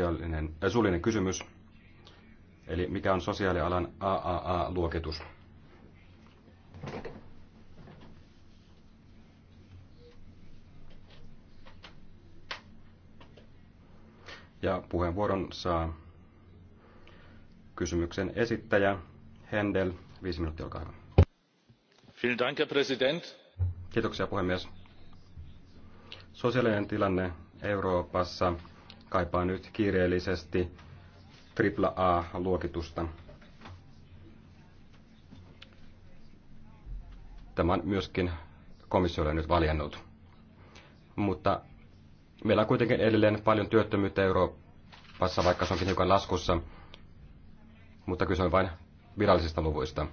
sosiaalinen, äh, suullinen kysymys, eli mikä on sosiaalialan AAA-luokitus? Ja puheenvuoron saa kysymyksen esittäjä Händel. Viisi minuuttia, olkaa hyvä. Vielen Dank, Herr Präsident. Kiitoksia, puhemies. Sosiaalinen tilanne Euroopassa kaipaa nyt kiireellisesti AAA-luokitusta. Tämän myöskin komissiolle nyt valjennut. Mutta meillä on kuitenkin edelleen paljon työttömyyttä Euroopassa, vaikka se onkin hiukan laskussa, mutta kyse on vain virallisista luvuista.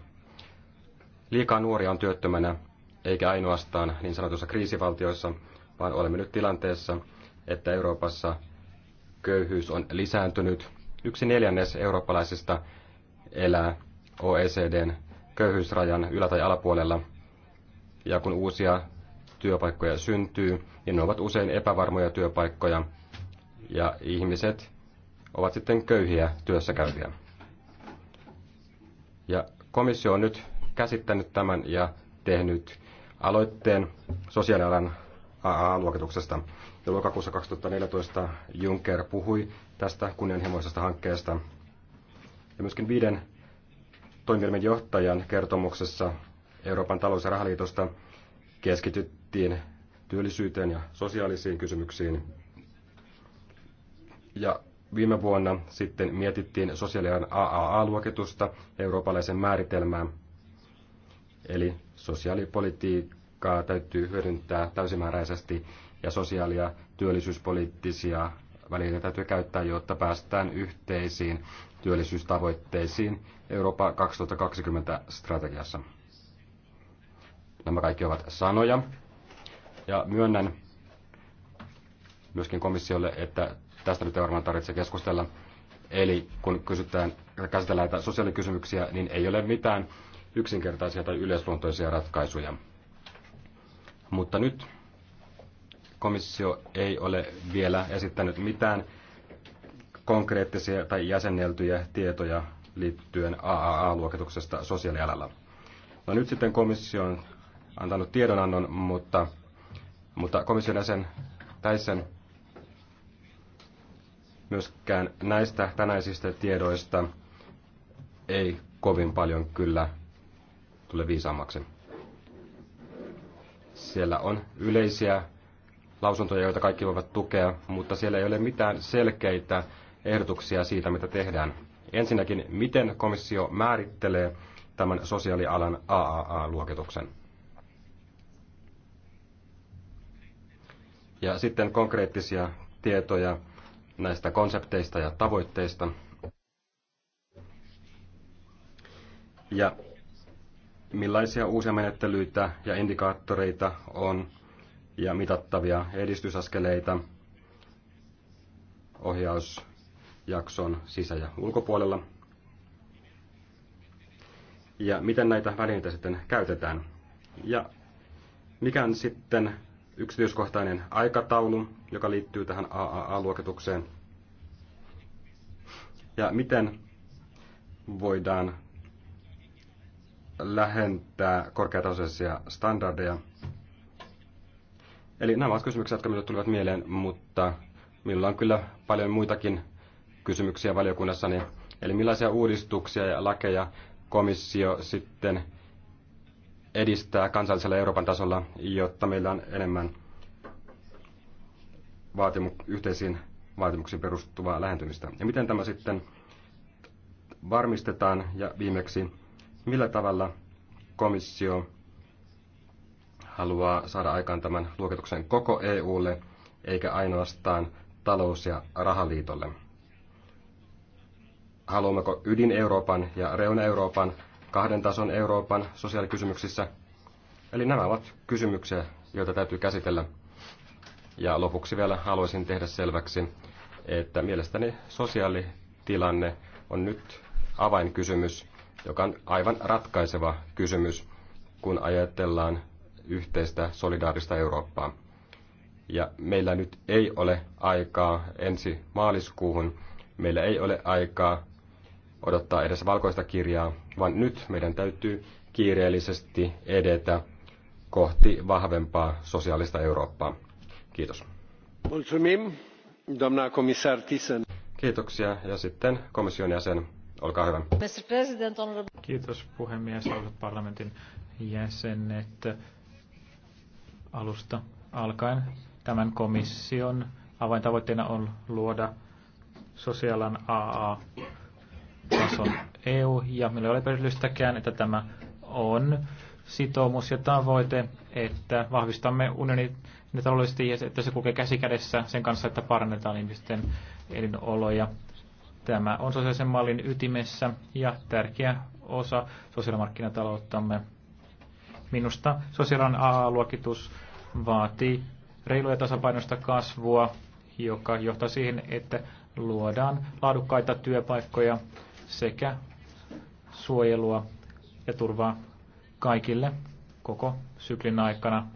Liikaa nuoria on työttömänä, eikä ainoastaan niin sanotussa kriisivaltioissa, vaan olemme nyt tilanteessa, että Euroopassa köyhyys on lisääntynyt. Yksi neljännes eurooppalaisista elää OECDn köyhyysrajan ylä- tai alapuolella. Ja kun uusia työpaikkoja syntyy, niin ne ovat usein epävarmoja työpaikkoja ja ihmiset ovat sitten köyhiä työssäkäyviä. Ja komissio on nyt käsittänyt tämän ja tehnyt aloitteen sosiaalialan AA-luokituksesta. Ja lokakuussa 2014 Juncker puhui tästä kunnianhimoisesta hankkeesta. Ja myöskin viiden toimielimen johtajan kertomuksessa Euroopan talous- ja rahaliitosta keskityttiin työllisyyteen ja sosiaalisiin kysymyksiin. Ja viime vuonna sitten mietittiin sosiaalian AAA-luokitusta eurooppalaisen määritelmään Eli sosiaalipolitiikkaa täytyy hyödyntää täysimääräisesti ja sosiaali- ja työllisyyspoliittisia välineitä täytyy käyttää, jotta päästään yhteisiin työllisyystavoitteisiin Eurooppa 2020 strategiassa. Nämä kaikki ovat sanoja. Ja myönnän myöskin komissiolle, että tästä nyt ei varmaan tarvitse keskustella. Eli kun kysytään, käsitellään näitä sosiaalikysymyksiä, niin ei ole mitään yksinkertaisia tai yleisluontoisia ratkaisuja. Mutta nyt komissio ei ole vielä esittänyt mitään konkreettisia tai jäsenneltyjä tietoja liittyen AAA-luokituksesta sosiaalialalla. No nyt sitten komissio on antanut tiedonannon, mutta, mutta komission jäsen Täisen myöskään näistä tänäisistä tiedoista ei kovin paljon kyllä tule viisaammaksi. Siellä on yleisiä lausuntoja, joita kaikki voivat tukea, mutta siellä ei ole mitään selkeitä ehdotuksia siitä, mitä tehdään. Ensinnäkin, miten komissio määrittelee tämän sosiaalialan AAA-luokituksen? Ja sitten konkreettisia tietoja näistä konsepteista ja tavoitteista. Ja millaisia uusia menettelyitä ja indikaattoreita on ja mitattavia edistysaskeleita ohjausjakson sisä- ja ulkopuolella. Ja miten näitä välineitä sitten käytetään. Ja mikä on sitten yksityiskohtainen aikataulu, joka liittyy tähän AAA-luokitukseen. Ja miten voidaan lähentää korkeatasoisia standardeja Eli nämä ovat kysymyksiä, jotka minulle tulivat mieleen, mutta minulla on kyllä paljon muitakin kysymyksiä valiokunnassani. Eli millaisia uudistuksia ja lakeja komissio sitten edistää kansallisella Euroopan tasolla, jotta meillä on enemmän vaatimu- yhteisiin vaatimuksiin perustuvaa lähentymistä. Ja miten tämä sitten varmistetaan ja viimeksi, millä tavalla komissio haluaa saada aikaan tämän luokituksen koko EUlle, eikä ainoastaan talous- ja rahaliitolle. Haluammeko ydin-Euroopan ja reuna-Euroopan, kahden tason Euroopan sosiaalikysymyksissä? Eli nämä ovat kysymyksiä, joita täytyy käsitellä. Ja lopuksi vielä haluaisin tehdä selväksi, että mielestäni sosiaalitilanne on nyt avainkysymys, joka on aivan ratkaiseva kysymys, kun ajatellaan yhteistä solidaarista Eurooppaa. Ja meillä nyt ei ole aikaa ensi maaliskuuhun, meillä ei ole aikaa odottaa edes valkoista kirjaa, vaan nyt meidän täytyy kiireellisesti edetä kohti vahvempaa sosiaalista Eurooppaa. Kiitos. Mulțumim, doamna comisar Thyssen. Kiitoksia ja sitten komission jäsen, olkaa hyvä. Mr. President, Kiitos puhemies, arvoisat parlamentin jäsenet alusta alkaen. Tämän komission avaintavoitteena on luoda sosiaalan AA-tason EU, ja meillä oli perillistäkään, että tämä on sitoumus ja tavoite, että vahvistamme unionin taloudellisesti, ja että se kulkee käsi kädessä sen kanssa, että parannetaan ihmisten elinoloja. Tämä on sosiaalisen mallin ytimessä ja tärkeä osa sosiaalimarkkinatalouttamme. Minusta sosiaalinen AA-luokitus vaatii reilua ja tasapainoista kasvua, joka johtaa siihen, että luodaan laadukkaita työpaikkoja sekä suojelua ja turvaa kaikille koko syklin aikana.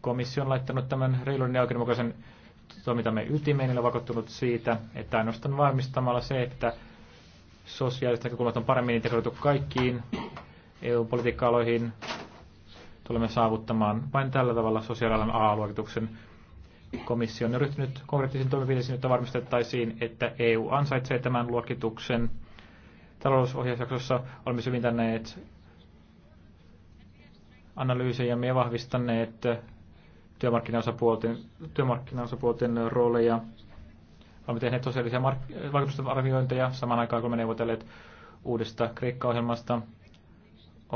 Komissio on laittanut tämän reilun ja oikeudenmukaisen toimintamme ytimeen ja vakuuttunut siitä, että ainoastaan varmistamalla se, että sosiaaliset näkökulmat on paremmin integroitu kaikkiin EU-politiikka-aloihin. Tulemme saavuttamaan vain tällä tavalla sosiaalialan A-luokituksen komissio on ryhtynyt konkreettisiin toimenpiteisiin, jotta varmistettaisiin, että EU ansaitsee tämän luokituksen. Talousohjausjaksossa olemme syvintäneet analyysejä ja vahvistaneet työmarkkinaosapuolten, työmarkkinaosapuolten rooleja. Olemme tehneet sosiaalisia mark- vaikutusten arviointeja samaan aikaan, kun me neuvotelleet uudesta Kreikka-ohjelmasta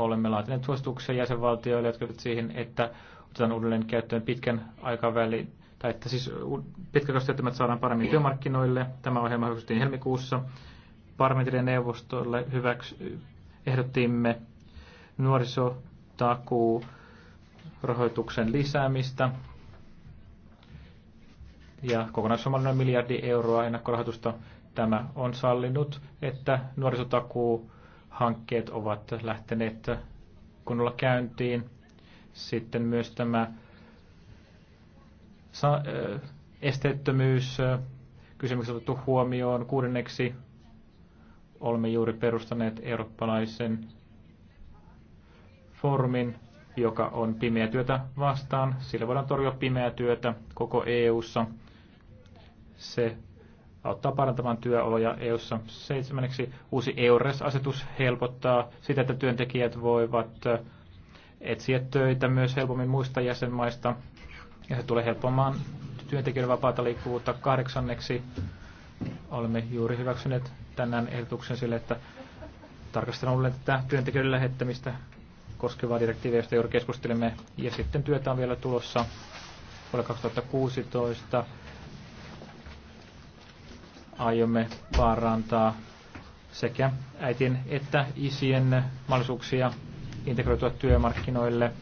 olemme laatineet suosituksia jäsenvaltioille, jotka ovat siihen, että otetaan uudelleen käyttöön pitkän aikavälin, tai että siis pitkäkausitiettämät saadaan paremmin työmarkkinoille. Tämä ohjelma hyväksyttiin helmikuussa. Parlamentin neuvostolle hyväksy, ehdottimme nuorisotakuu rahoituksen lisäämistä ja noin miljardi euroa ennakkorahoitusta tämä on sallinut, että nuorisotakuu hankkeet ovat lähteneet kunnolla käyntiin. Sitten myös tämä esteettömyys kysymykset otettu huomioon. Kuudenneksi olemme juuri perustaneet eurooppalaisen foorumin, joka on pimeä työtä vastaan. Sillä voidaan torjua pimeää työtä koko EU:ssa. Se auttaa parantamaan työoloja EU:ssa. Seitsemänneksi uusi EURES-asetus helpottaa sitä, että työntekijät voivat etsiä töitä myös helpommin muista jäsenmaista, ja se tulee helpomman työntekijöiden vapaata liikkuvuutta. Kahdeksanneksi olemme juuri hyväksyneet tänään ehdotuksen sille, että tarkastellaan uudelleen tätä työntekijöiden lähettämistä koskevaa direktiiviä, josta juuri keskustelimme, ja sitten työtä on vielä tulossa vuonna 2016 aiomme parantaa sekä äitien että isien mahdollisuuksia integroitua työmarkkinoille.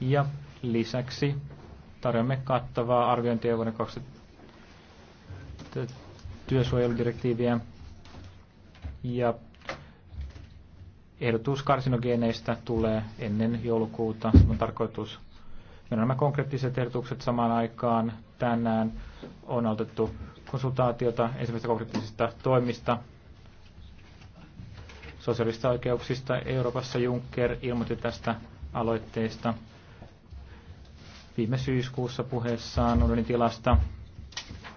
Ja lisäksi tarjoamme kattavaa arviointia vuoden 2000 työsuojeludirektiiviä ja ehdotus karsinogeneistä tulee ennen joulukuuta. On tarkoitus nämä konkreettiset ehdotukset samaan aikaan tänään on otettu konsultaatiota ensimmäisistä konkreettisista toimista sosiaalista oikeuksista. Euroopassa Juncker ilmoitti tästä aloitteesta viime syyskuussa puheessaan Unionin tilasta.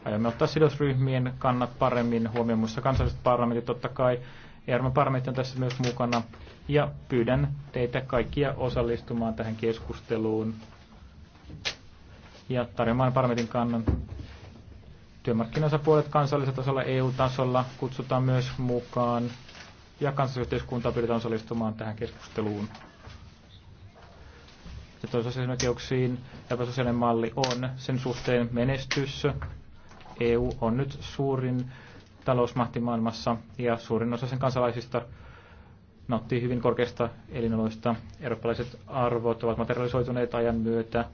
Aiomme ottaa sidosryhmien kannat paremmin huomioon muissa kansalliset parlamentit totta kai. Euroopan parlamentti on tässä myös mukana ja pyydän teitä kaikkia osallistumaan tähän keskusteluun ja tarjoamaan parlamentin kannan Työmarkkinaosapuolet kansallisella tasolla, EU-tasolla kutsutaan myös mukaan ja kansallisyhteiskuntaa pyritään osallistumaan tähän keskusteluun. Sitten sosiaalisiin oikeuksiin epäsosiaalinen malli on sen suhteen menestys. EU on nyt suurin talousmahti maailmassa ja suurin osa sen kansalaisista nauttii hyvin korkeista elinoloista. Eurooppalaiset arvot ovat materialisoituneet ajan myötä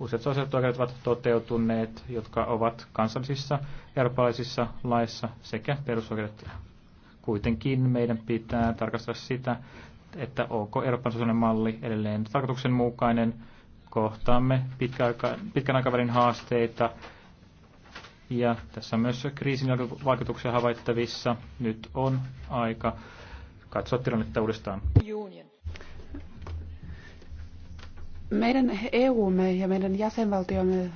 useat sosiaaliset oikeudet ovat toteutuneet, jotka ovat kansallisissa eurooppalaisissa laissa sekä perusoikeudet. Kuitenkin meidän pitää tarkastella sitä, että onko Euroopan sosiaalinen malli edelleen tarkoituksenmukainen, kohtaamme pitkän aikavälin haasteita, ja tässä on myös kriisin vaikutuksia havaittavissa. Nyt on aika katsoa tilannetta uudestaan. Union. Meidän EUmme ja meidän jäsenvaltiomme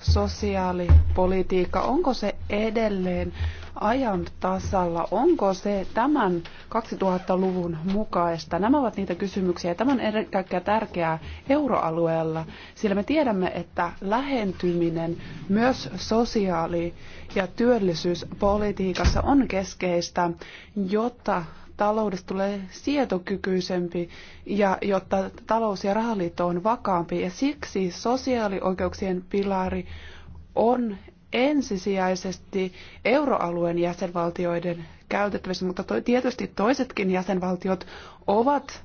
sosiaalipolitiikka, onko se edelleen ajan tasalla? Onko se tämän 2000-luvun mukaista? Nämä ovat niitä kysymyksiä ja tämä on ennen kaikkea tärkeää euroalueella, sillä me tiedämme, että lähentyminen myös sosiaali- ja työllisyyspolitiikassa on keskeistä, jotta taloudesta tulee sietokykyisempi ja jotta talous- ja rahaliitto on vakaampi. Ja siksi sosiaalioikeuksien pilari on ensisijaisesti euroalueen jäsenvaltioiden käytettävissä, mutta tietysti toisetkin jäsenvaltiot ovat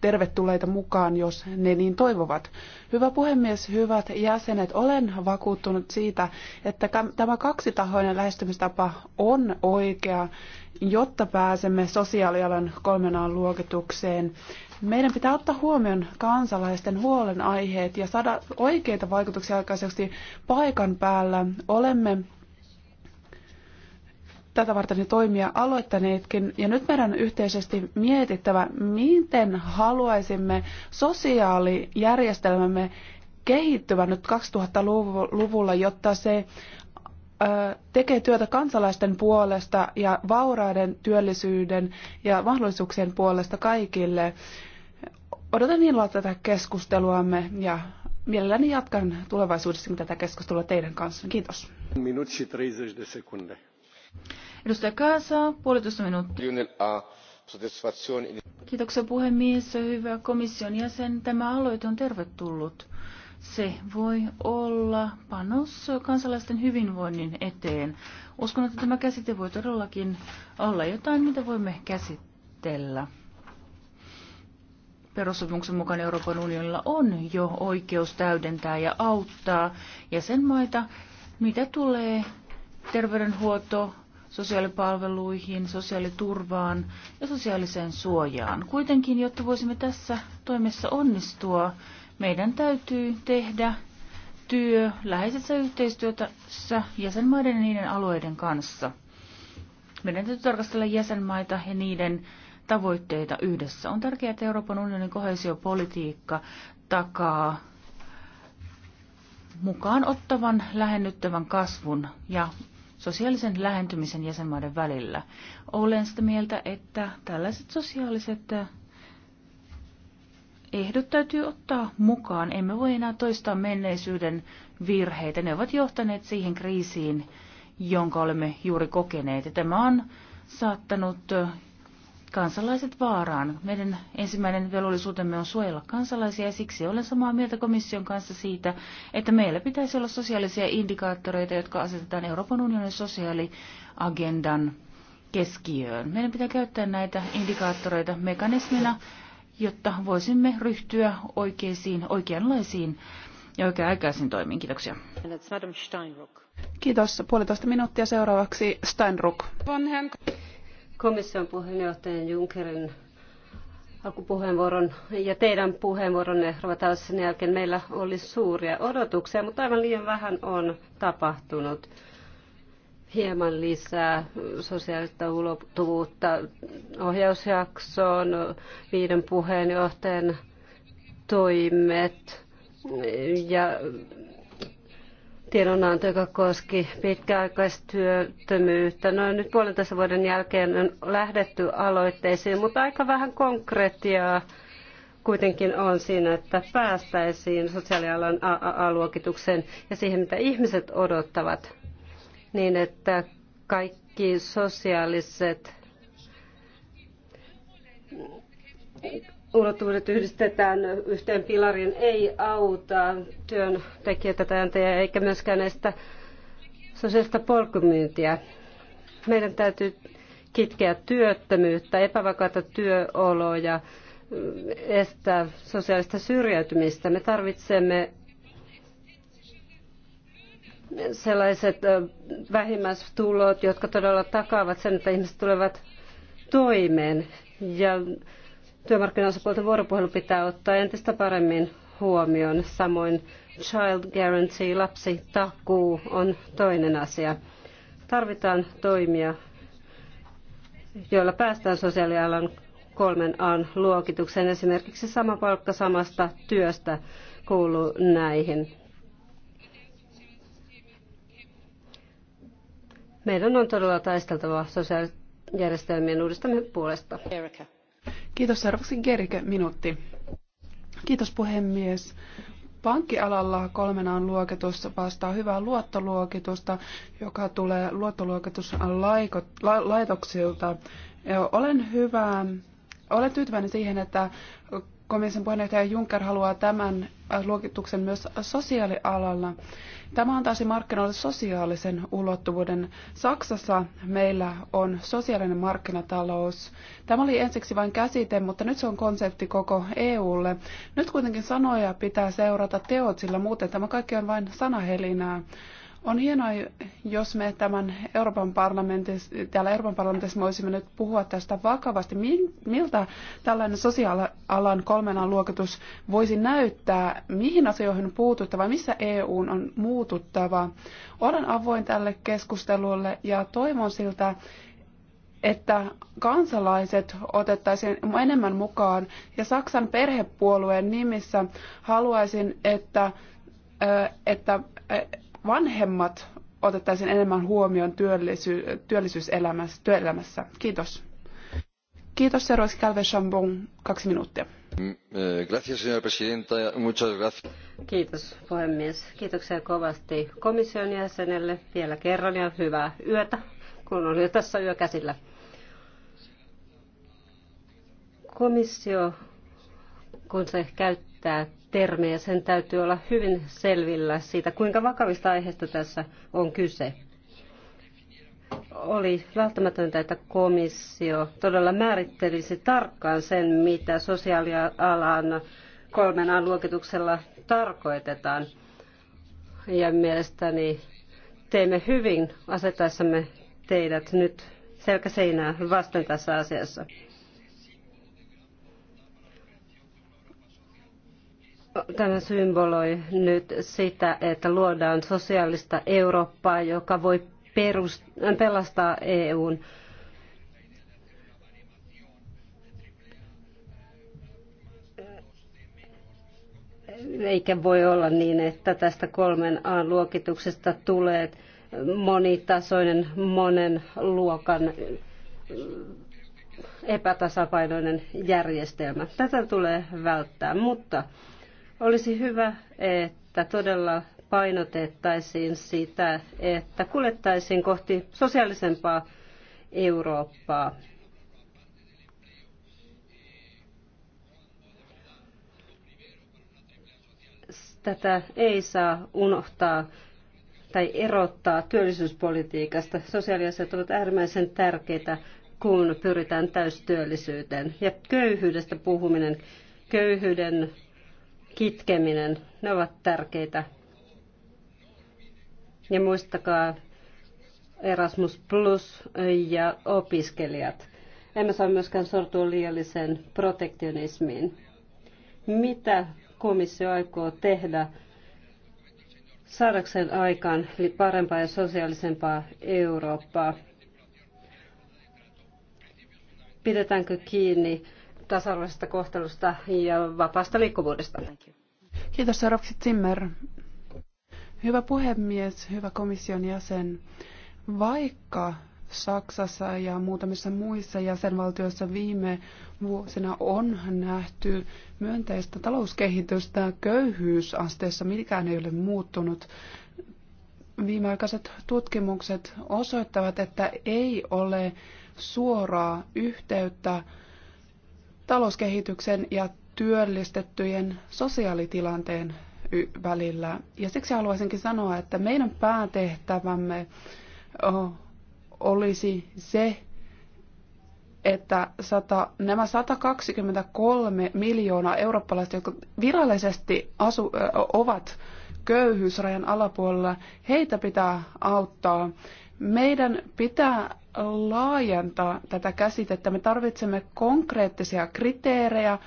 tervetulleita mukaan, jos ne niin toivovat. Hyvä puhemies, hyvät jäsenet, olen vakuuttunut siitä, että tämä kaksitahoinen lähestymistapa on oikea, jotta pääsemme sosiaalialan kolmenaan luokitukseen. Meidän pitää ottaa huomioon kansalaisten huolenaiheet ja saada oikeita vaikutuksia aikaiseksi paikan päällä. Olemme tätä varten toimia aloittaneetkin. Ja nyt meidän on yhteisesti mietittävä, miten haluaisimme sosiaalijärjestelmämme kehittyvän nyt 2000-luvulla, jotta se tekee työtä kansalaisten puolesta ja vauraiden työllisyyden ja mahdollisuuksien puolesta kaikille. Odotan innolla tätä keskusteluamme ja mielelläni jatkan tulevaisuudessa tätä keskustelua teidän kanssa. Kiitos. Minuutti 30 sekuntia. Edustaja Kaasa, puolitoista minuuttia. Kiitoksia puhemies hyvä komission jäsen. Tämä aloite on tervetullut. Se voi olla panos kansalaisten hyvinvoinnin eteen. Uskon, että tämä käsite voi todellakin olla jotain, mitä voimme käsitellä. Perussopimuksen mukaan Euroopan unionilla on jo oikeus täydentää ja auttaa jäsenmaita, mitä tulee terveydenhuolto, sosiaalipalveluihin, sosiaaliturvaan ja sosiaaliseen suojaan. Kuitenkin, jotta voisimme tässä toimessa onnistua, meidän täytyy tehdä työ läheisessä yhteistyössä jäsenmaiden ja niiden alueiden kanssa. Meidän täytyy tarkastella jäsenmaita ja niiden tavoitteita yhdessä. On tärkeää, että Euroopan unionin kohesiopolitiikka takaa mukaan ottavan lähennyttävän kasvun ja sosiaalisen lähentymisen jäsenmaiden välillä. Olen sitä mieltä, että tällaiset sosiaaliset äh, ehdot täytyy ottaa mukaan. Emme voi enää toistaa menneisyyden virheitä. Ne ovat johtaneet siihen kriisiin, jonka olemme juuri kokeneet. Ja tämä on saattanut äh, kansalaiset vaaraan. Meidän ensimmäinen velvollisuutemme on suojella kansalaisia ja siksi olen samaa mieltä komission kanssa siitä, että meillä pitäisi olla sosiaalisia indikaattoreita, jotka asetetaan Euroopan unionin sosiaaliagendan keskiöön. Meidän pitää käyttää näitä indikaattoreita mekanismina, jotta voisimme ryhtyä oikeisiin, oikeanlaisiin ja oikea-aikaisiin toimiin. Kiitoksia. Kiitos. Puolitoista minuuttia seuraavaksi Steinruck komission puheenjohtajan Junckerin alkupuheenvuoron ja teidän puheenvuoronne Rovatausen jälkeen meillä oli suuria odotuksia, mutta aivan liian vähän on tapahtunut. Hieman lisää sosiaalista ulottuvuutta ohjausjaksoon, viiden puheenjohtajan toimet ja tiedonanto, joka koski pitkäaikaistyöttömyyttä. No nyt puolentoista vuoden jälkeen on lähdetty aloitteisiin, mutta aika vähän konkretiaa kuitenkin on siinä, että päästäisiin sosiaalialan aluokituksen luokitukseen ja siihen, mitä ihmiset odottavat, niin että kaikki sosiaaliset ulottuvuudet yhdistetään yhteen pilariin ei auta työntekijöitä tai antajia eikä myöskään näistä sosiaalista polkumyyntiä. Meidän täytyy kitkeä työttömyyttä, epävakaita työoloja, estää sosiaalista syrjäytymistä. Me tarvitsemme sellaiset vähimmäistulot, jotka todella takaavat sen, että ihmiset tulevat toimeen. Ja työmarkkinaosapuolten vuoropuhelu pitää ottaa entistä paremmin huomioon. Samoin Child Guarantee, lapsi takuu on toinen asia. Tarvitaan toimia, joilla päästään sosiaalialan kolmen an luokitukseen. Esimerkiksi sama palkka samasta työstä kuuluu näihin. Meidän on todella taisteltava sosiaalijärjestelmien uudistamisen puolesta. Kiitos. Seuraavaksi Gerike, minuutti. Kiitos puhemies. Pankkialalla kolmena on luokitus vastaa hyvää luottoluokitusta, joka tulee luottoluokituslaitoksilta. Olen hyvä olen tyytyväinen siihen, että komission puheenjohtaja Juncker haluaa tämän äh, luokituksen myös sosiaalialalla. Tämä antaisi markkinoille sosiaalisen ulottuvuuden. Saksassa meillä on sosiaalinen markkinatalous. Tämä oli ensiksi vain käsite, mutta nyt se on konsepti koko EUlle. Nyt kuitenkin sanoja pitää seurata teot, sillä muuten tämä kaikki on vain sanahelinää. On hienoa, jos me tämän Euroopan parlamentissa, täällä Euroopan parlamentissa voisimme nyt puhua tästä vakavasti. Miltä tällainen sosiaalialan kolmen luokitus voisi näyttää? Mihin asioihin on puututtava? Missä EU on muututtava? Olen avoin tälle keskustelulle ja toivon siltä, että kansalaiset otettaisiin enemmän mukaan. Ja Saksan perhepuolueen nimissä haluaisin, että, että vanhemmat otettaisiin enemmän huomioon työllisy- työllisyyselämässä, työelämässä. Kiitos. Kiitos, Serois Calve Chambon. Kaksi minuuttia. Mm, eh, gracias, señora presidenta. Muchas gracias. Kiitos, puhemies. Kiitoksia kovasti komission jäsenelle vielä kerran ja hyvää yötä, kun on jo tässä yö käsillä. Komissio, kun se käyttää termejä, sen täytyy olla hyvin selvillä siitä, kuinka vakavista aiheista tässä on kyse. Oli välttämätöntä, että komissio todella määrittelisi tarkkaan sen, mitä sosiaalialan kolmen luokituksella tarkoitetaan. Ja mielestäni teimme hyvin asettaessamme teidät nyt selkäseinää vasten tässä asiassa. Tämä symboloi nyt sitä, että luodaan sosiaalista Eurooppaa, joka voi perust- pelastaa EUn. Eikä voi olla niin, että tästä kolmen A-luokituksesta tulee monitasoinen, monen luokan epätasapainoinen järjestelmä. Tätä tulee välttää, mutta olisi hyvä, että todella painotettaisiin sitä, että kuljettaisiin kohti sosiaalisempaa Eurooppaa. Tätä ei saa unohtaa tai erottaa työllisyyspolitiikasta. Sosiaaliasiat ovat äärimmäisen tärkeitä, kun pyritään täystyöllisyyteen. Ja köyhyydestä puhuminen, köyhyyden kitkeminen, ne ovat tärkeitä. Ja muistakaa Erasmus Plus ja opiskelijat. Emme saa myöskään sortua liialliseen protektionismiin. Mitä komissio aikoo tehdä saadakseen aikaan parempaa ja sosiaalisempaa Eurooppaa? Pidetäänkö kiinni tasa-arvoisesta kohtelusta ja vapaasta liikkuvuudesta. Kiitos seuraavaksi Zimmer. Hyvä puhemies, hyvä komission jäsen. Vaikka Saksassa ja muutamissa muissa jäsenvaltioissa viime vuosina on nähty myönteistä talouskehitystä köyhyysasteessa, mikään ei ole muuttunut. Viimeaikaiset tutkimukset osoittavat, että ei ole suoraa yhteyttä talouskehityksen ja työllistettyjen sosiaalitilanteen välillä. Ja siksi haluaisinkin sanoa, että meidän päätehtävämme olisi se, että 100, nämä 123 miljoonaa eurooppalaista, jotka virallisesti asu, ovat köyhyysrajan alapuolella, heitä pitää auttaa. Meidän pitää laajentaa tätä käsitettä. Me tarvitsemme konkreettisia kriteerejä,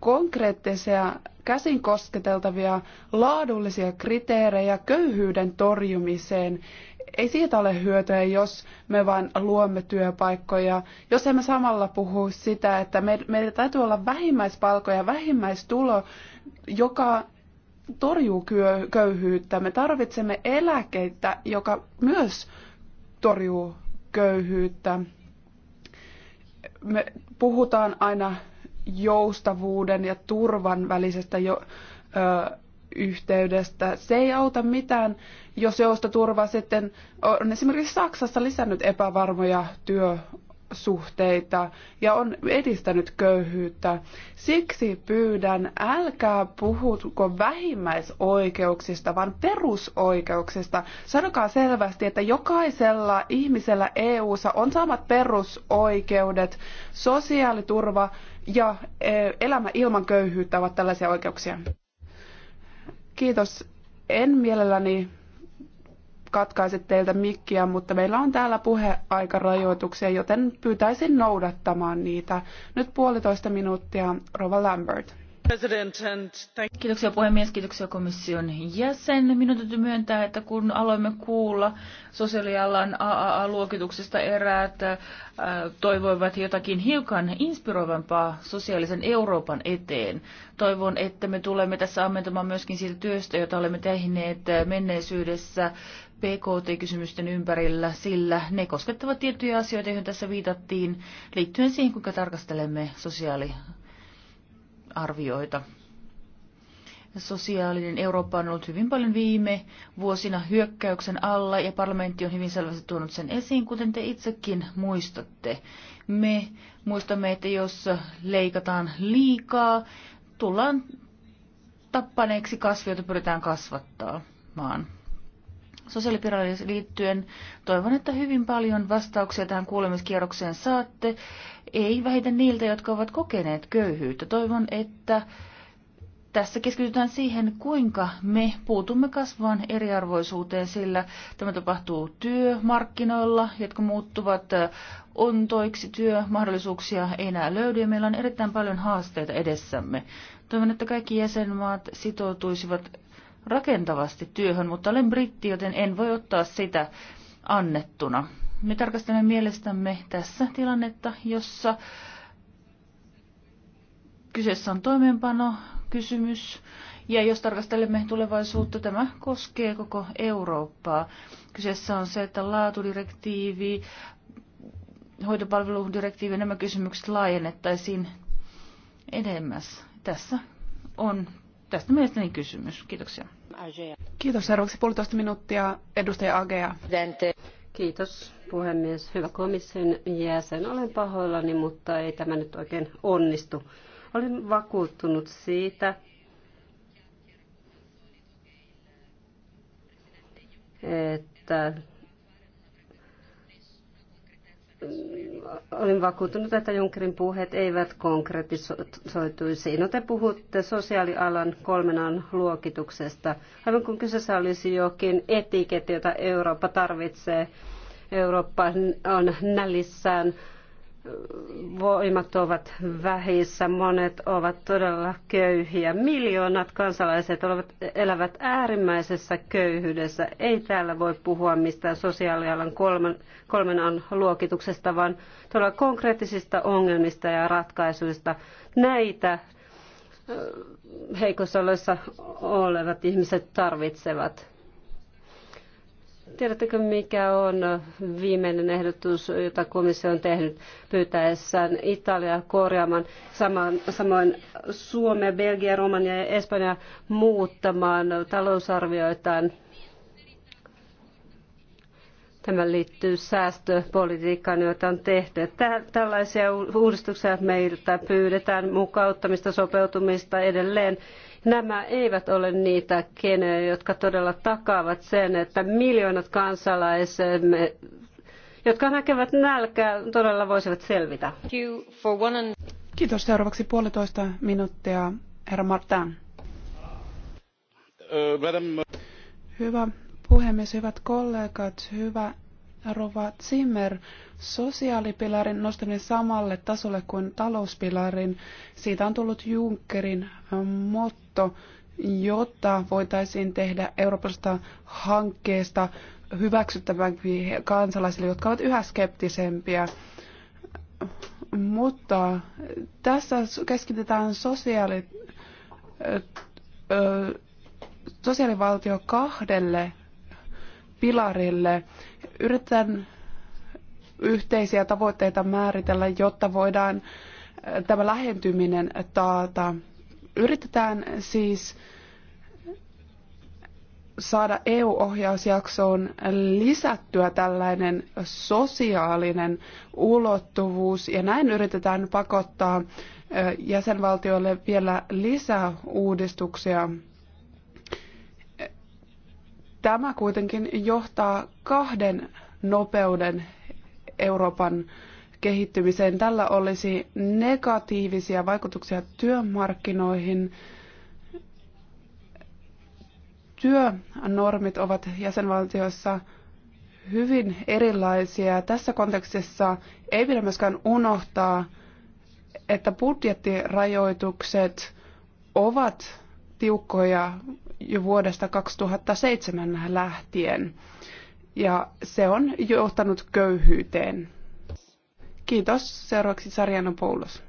konkreettisia käsin kosketeltavia laadullisia kriteerejä köyhyyden torjumiseen. Ei siitä ole hyötyä, jos me vain luomme työpaikkoja, jos emme samalla puhu sitä, että meillä täytyy olla vähimmäispalkoja, ja vähimmäistulo, joka torjuu köyhyyttä. Me tarvitsemme eläkeitä, joka myös torjuu köyhyyttä. Me puhutaan aina joustavuuden ja turvan välisestä jo, ö, yhteydestä. Se ei auta mitään, jos joustoturva sitten on esimerkiksi Saksassa lisännyt epävarmoja työ suhteita ja on edistänyt köyhyyttä. Siksi pyydän, älkää puhutko vähimmäisoikeuksista, vaan perusoikeuksista. Sanokaa selvästi, että jokaisella ihmisellä EU:ssa on samat perusoikeudet, sosiaaliturva ja e, elämä ilman köyhyyttä ovat tällaisia oikeuksia. Kiitos. En mielelläni katkaise teiltä mikkiä, mutta meillä on täällä puheaikarajoituksia, joten pyytäisin noudattamaan niitä. Nyt puolitoista minuuttia, Rova Lambert. Kiitoksia puhemies, kiitoksia komission jäsen. Minun täytyy myöntää, että kun aloimme kuulla sosiaalialan AAA-luokituksesta eräät äh, toivoivat jotakin hiukan inspiroivampaa sosiaalisen Euroopan eteen. Toivon, että me tulemme tässä ammentamaan myöskin siitä työstä, jota olemme tehneet äh, menneisyydessä PKT-kysymysten ympärillä, sillä ne koskettavat tiettyjä asioita, joihin tässä viitattiin, liittyen siihen, kuinka tarkastelemme sosiaaliarvioita. Sosiaalinen Eurooppa on ollut hyvin paljon viime vuosina hyökkäyksen alla ja parlamentti on hyvin selvästi tuonut sen esiin, kuten te itsekin muistatte. Me muistamme, että jos leikataan liikaa, tullaan tappaneeksi kasvi, jota pyritään kasvattaa maan sosiaalipiraliin liittyen. Toivon, että hyvin paljon vastauksia tähän kuulemiskierrokseen saatte. Ei vähiten niiltä, jotka ovat kokeneet köyhyyttä. Toivon, että tässä keskitytään siihen, kuinka me puutumme kasvaan eriarvoisuuteen, sillä tämä tapahtuu työmarkkinoilla, jotka muuttuvat ontoiksi, työmahdollisuuksia ei enää löydy ja meillä on erittäin paljon haasteita edessämme. Toivon, että kaikki jäsenmaat sitoutuisivat rakentavasti työhön, mutta olen britti, joten en voi ottaa sitä annettuna. Me tarkastelemme mielestämme tässä tilannetta, jossa kyseessä on toimeenpano, kysymys, ja jos tarkastelemme tulevaisuutta, tämä koskee koko Eurooppaa. Kyseessä on se, että laatudirektiivi, hoitopalveludirektiivi, nämä kysymykset laajennettaisiin edemmäs. Tässä on Tästä mielestäni kysymys. Kiitoksia. Kiitos. Seuraavaksi puolitoista minuuttia edustaja Agea. Kiitos puhemies. Hyvä komission jäsen. Olen pahoillani, mutta ei tämä nyt oikein onnistu. Olin vakuuttunut siitä, että Olin vakuuttunut, että Junckerin puheet eivät konkretisoituisi. No te puhutte sosiaalialan kolmenan luokituksesta, aivan kun kyseessä olisi jokin etiketti, jota Eurooppa tarvitsee. Eurooppa on nälissään voimat ovat vähissä, monet ovat todella köyhiä. Miljoonat kansalaiset ovat, elävät äärimmäisessä köyhyydessä. Ei täällä voi puhua mistään sosiaalialan kolmen, kolmen an luokituksesta, vaan todella konkreettisista ongelmista ja ratkaisuista. Näitä heikossa olevat ihmiset tarvitsevat. Tiedättekö, mikä on viimeinen ehdotus, jota komissio on tehnyt pyytäessään Italiaa korjaamaan, samoin, samoin Suomea, Belgia, Romania ja Espanja muuttamaan talousarvioitaan? Tämä liittyy säästöpolitiikkaan, joita on tehty. Tällaisia uudistuksia meiltä pyydetään mukauttamista, sopeutumista edelleen Nämä eivät ole niitä kenejä, jotka todella takaavat sen, että miljoonat kansalaisemme jotka näkevät nälkää, todella voisivat selvitä. Kiitos. Seuraavaksi puolitoista minuuttia, herra Martin. Hyvä puhemies, hyvät kollegat, hyvä rouva Zimmer sosiaalipilarin nostaminen samalle tasolle kuin talouspilarin, siitä on tullut Junckerin ähm, motto, jotta voitaisiin tehdä Euroopasta hankkeesta hyväksyttävämpi kansalaisille, jotka ovat yhä skeptisempiä. Mutta tässä keskitetään sosiaali, äh, äh, sosiaalivaltio kahdelle pilarille. Yritetään yhteisiä tavoitteita määritellä, jotta voidaan äh, tämä lähentyminen taata. Yritetään siis saada EU-ohjausjaksoon lisättyä tällainen sosiaalinen ulottuvuus ja näin yritetään pakottaa äh, jäsenvaltioille vielä lisää uudistuksia. Tämä kuitenkin johtaa kahden nopeuden Euroopan kehittymiseen. Tällä olisi negatiivisia vaikutuksia työmarkkinoihin. Työnormit ovat jäsenvaltioissa hyvin erilaisia. Tässä kontekstissa ei pidä myöskään unohtaa, että budjettirajoitukset ovat tiukkoja jo vuodesta 2007 lähtien ja se on johtanut köyhyyteen. Kiitos. Seuraavaksi Sarjano Poulos.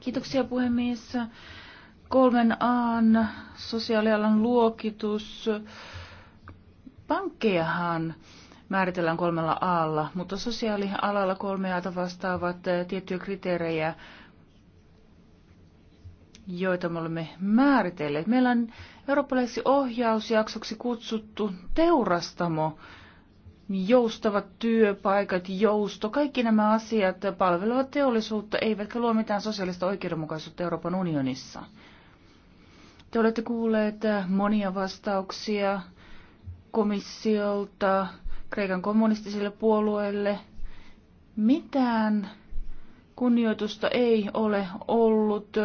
Kiitoksia puhemies. Kolmen aan sosiaalialan luokitus. Pankkejahan määritellään kolmella aalla, mutta sosiaalialalla kolme aata vastaavat eh, tiettyjä kriteerejä joita me olemme määritelleet. Meillä on eurooppalaiseksi ohjausjaksoksi kutsuttu teurastamo, joustavat työpaikat, jousto, kaikki nämä asiat palvelevat teollisuutta, eivätkä luo mitään sosiaalista oikeudenmukaisuutta Euroopan unionissa. Te olette kuulleet monia vastauksia komissiolta, Kreikan kommunistiselle puolueelle. Mitään kunnioitusta ei ole ollut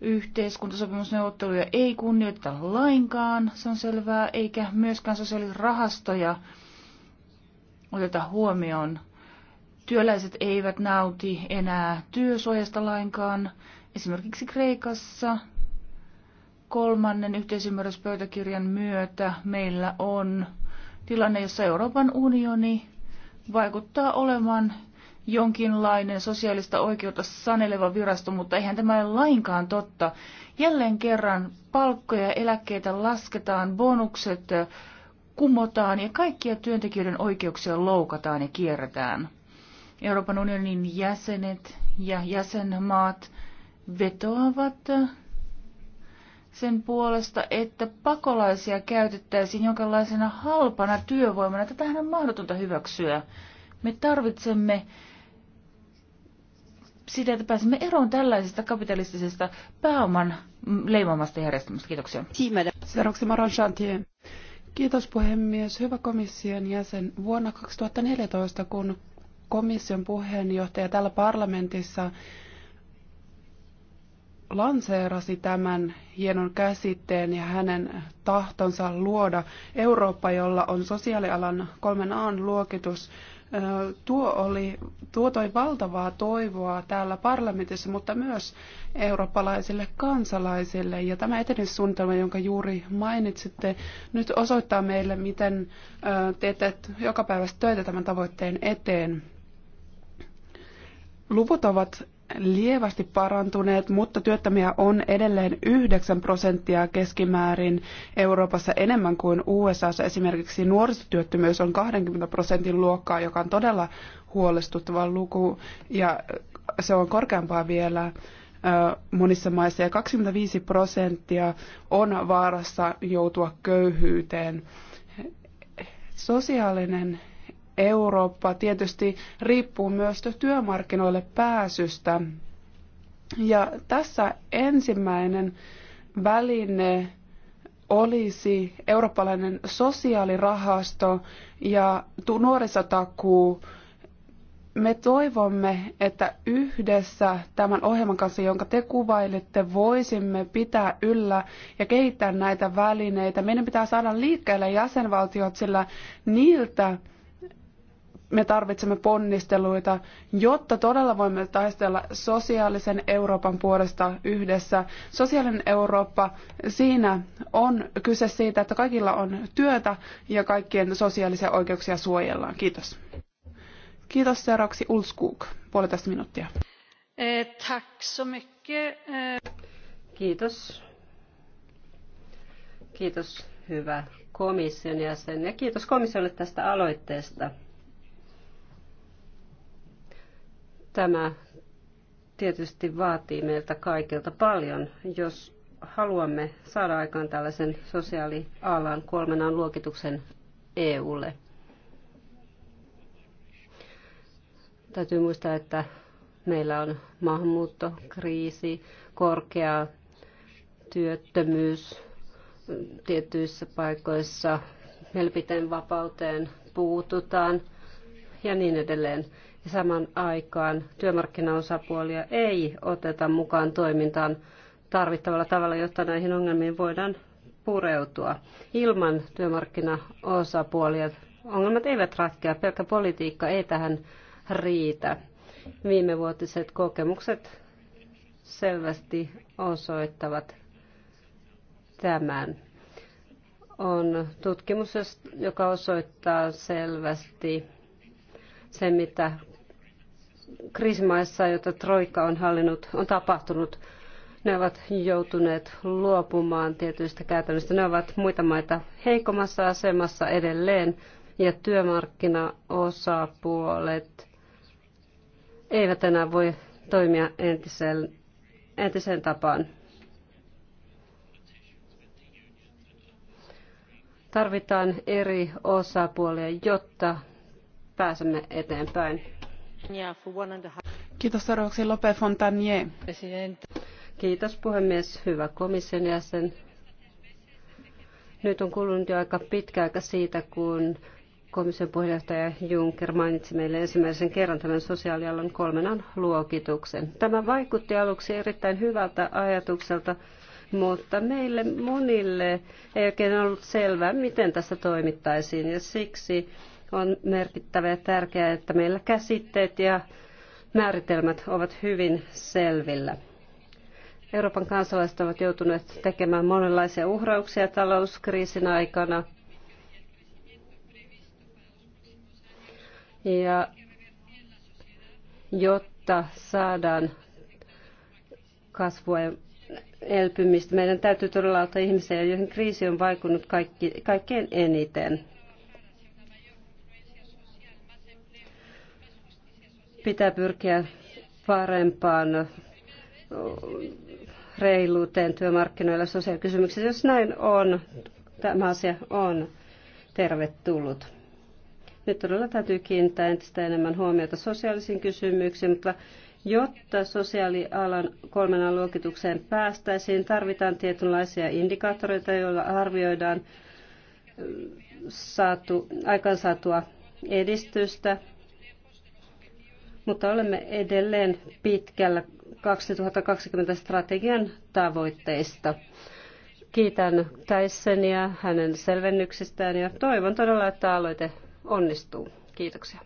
yhteiskuntasopimusneuvotteluja ei kunnioiteta lainkaan, se on selvää, eikä myöskään sosiaalirahastoja oteta huomioon. Työläiset eivät nauti enää työsuojasta lainkaan. Esimerkiksi Kreikassa kolmannen yhteisymmärryspöytäkirjan myötä meillä on tilanne, jossa Euroopan unioni vaikuttaa olemaan jonkinlainen sosiaalista oikeutta saneleva virasto, mutta eihän tämä ole lainkaan totta. Jälleen kerran palkkoja ja eläkkeitä lasketaan, bonukset kumotaan ja kaikkia työntekijöiden oikeuksia loukataan ja kierretään. Euroopan unionin jäsenet ja jäsenmaat vetoavat sen puolesta, että pakolaisia käytettäisiin jonkinlaisena halpana työvoimana. Tätähän on mahdotonta hyväksyä. Me tarvitsemme siitä, että pääsemme eroon tällaisesta kapitalistisesta pääoman leimaamasta järjestelmästä. Kiitoksia. Kiitos puhemies. Hyvä komission jäsen. Vuonna 2014, kun komission puheenjohtaja täällä parlamentissa lanseerasi tämän hienon käsitteen ja hänen tahtonsa luoda Eurooppa, jolla on sosiaalialan kolmen A luokitus. Tuo, oli, tuo toi valtavaa toivoa täällä parlamentissa, mutta myös eurooppalaisille kansalaisille. Ja tämä etenemissuunnitelma, jonka juuri mainitsitte, nyt osoittaa meille, miten teette joka päivä töitä tämän tavoitteen eteen. Luvut ovat lievästi parantuneet, mutta työttömiä on edelleen 9 prosenttia keskimäärin Euroopassa enemmän kuin USAssa. Esimerkiksi nuorisotyöttömyys on 20 prosentin luokkaa, joka on todella huolestuttava luku ja se on korkeampaa vielä monissa maissa ja 25 prosenttia on vaarassa joutua köyhyyteen. Sosiaalinen Eurooppa tietysti riippuu myös työmarkkinoille pääsystä. Ja tässä ensimmäinen väline olisi eurooppalainen sosiaalirahasto ja nuorisotakuu. Me toivomme, että yhdessä tämän ohjelman kanssa, jonka te kuvailitte, voisimme pitää yllä ja kehittää näitä välineitä. Meidän pitää saada liikkeelle jäsenvaltiot, sillä niiltä me tarvitsemme ponnisteluita, jotta todella voimme taistella sosiaalisen Euroopan puolesta yhdessä. Sosiaalinen Eurooppa, siinä on kyse siitä, että kaikilla on työtä ja kaikkien sosiaalisia oikeuksia suojellaan. Kiitos. Kiitos seuraavaksi Ulskuk, puolitoista minuuttia. Eh, eh. Kiitos. Kiitos hyvä komission jäsen ja kiitos komissiolle tästä aloitteesta. Tämä tietysti vaatii meiltä kaikilta paljon, jos haluamme saada aikaan tällaisen sosiaalialan kolmenaan luokituksen EUlle. Täytyy muistaa, että meillä on maahanmuuttokriisi, korkea työttömyys tietyissä paikoissa, mielipiteen vapauteen puututaan ja niin edelleen ja saman aikaan työmarkkinaosapuolia ei oteta mukaan toimintaan tarvittavalla tavalla, jotta näihin ongelmiin voidaan pureutua. Ilman työmarkkinaosapuolia ongelmat eivät ratkea, pelkkä politiikka ei tähän riitä. Viimevuotiset kokemukset selvästi osoittavat tämän. On tutkimus, joka osoittaa selvästi sen, mitä kriisimaissa, joita troika on hallinnut, on tapahtunut. Ne ovat joutuneet luopumaan tietyistä käytännöistä. Ne ovat muita maita heikommassa asemassa edelleen ja työmarkkinaosapuolet eivät enää voi toimia entiseen, entiseen tapaan. Tarvitaan eri osapuolia, jotta pääsemme eteenpäin. Kiitos Kiitos puhemies, hyvä komission jäsen. Nyt on kulunut jo aika pitkä aika siitä, kun komission puheenjohtaja Juncker mainitsi meille ensimmäisen kerran tämän sosiaalialan kolmenan luokituksen. Tämä vaikutti aluksi erittäin hyvältä ajatukselta, mutta meille monille ei oikein ollut selvää, miten tässä toimittaisiin, ja siksi on merkittävä ja tärkeää, että meillä käsitteet ja määritelmät ovat hyvin selvillä. Euroopan kansalaiset ovat joutuneet tekemään monenlaisia uhrauksia talouskriisin aikana. Ja jotta saadaan kasvua ja elpymistä, meidän täytyy todella auttaa ihmisiä, joihin kriisi on vaikunut kaikki, kaikkein eniten. Pitää pyrkiä parempaan reiluuteen työmarkkinoilla sosiaalikysymyksissä. Jos näin on, tämä asia on tervetullut. Nyt todella täytyy kiinnittää entistä enemmän huomiota sosiaalisiin kysymyksiin, mutta jotta sosiaalialan kolmena luokitukseen päästäisiin, tarvitaan tietynlaisia indikaattoreita, joilla arvioidaan saatu, aikaansaatua edistystä mutta olemme edelleen pitkällä 2020 strategian tavoitteista. Kiitän Täisseniä hänen selvennyksistään ja toivon todella, että aloite onnistuu. Kiitoksia.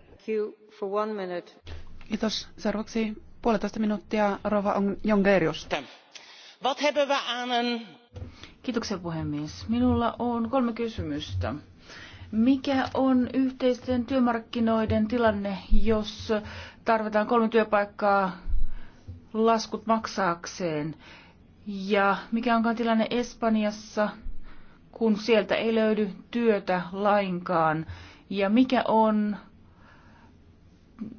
Kiitos. Seuraavaksi puolitoista minuuttia Rova Jongerius. Kiitoksia puhemies. Minulla on kolme kysymystä. Mikä on yhteisten työmarkkinoiden tilanne, jos tarvitaan kolme työpaikkaa laskut maksaakseen. Ja mikä onkaan tilanne Espanjassa, kun sieltä ei löydy työtä lainkaan? Ja mikä on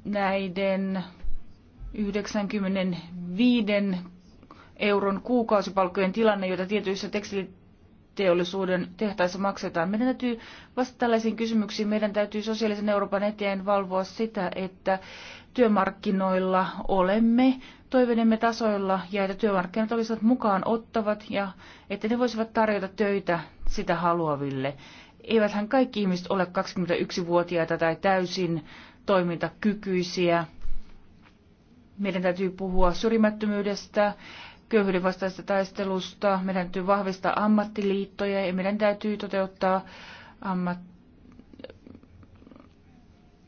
näiden 95 euron kuukausipalkkojen tilanne, joita tietyissä tekstilit teollisuuden tehtaissa maksetaan. Meidän täytyy vastata tällaisiin kysymyksiin. Meidän täytyy sosiaalisen Euroopan eteen valvoa sitä, että työmarkkinoilla olemme toiveidemme tasoilla ja että työmarkkinat olisivat mukaan ottavat ja että ne voisivat tarjota töitä sitä haluaville. Eiväthän kaikki ihmiset ole 21-vuotiaita tai täysin toimintakykyisiä. Meidän täytyy puhua syrjimättömyydestä, köyhyyden vastaisesta taistelusta. Meidän täytyy vahvistaa ammattiliittoja ja meidän täytyy toteuttaa ammat...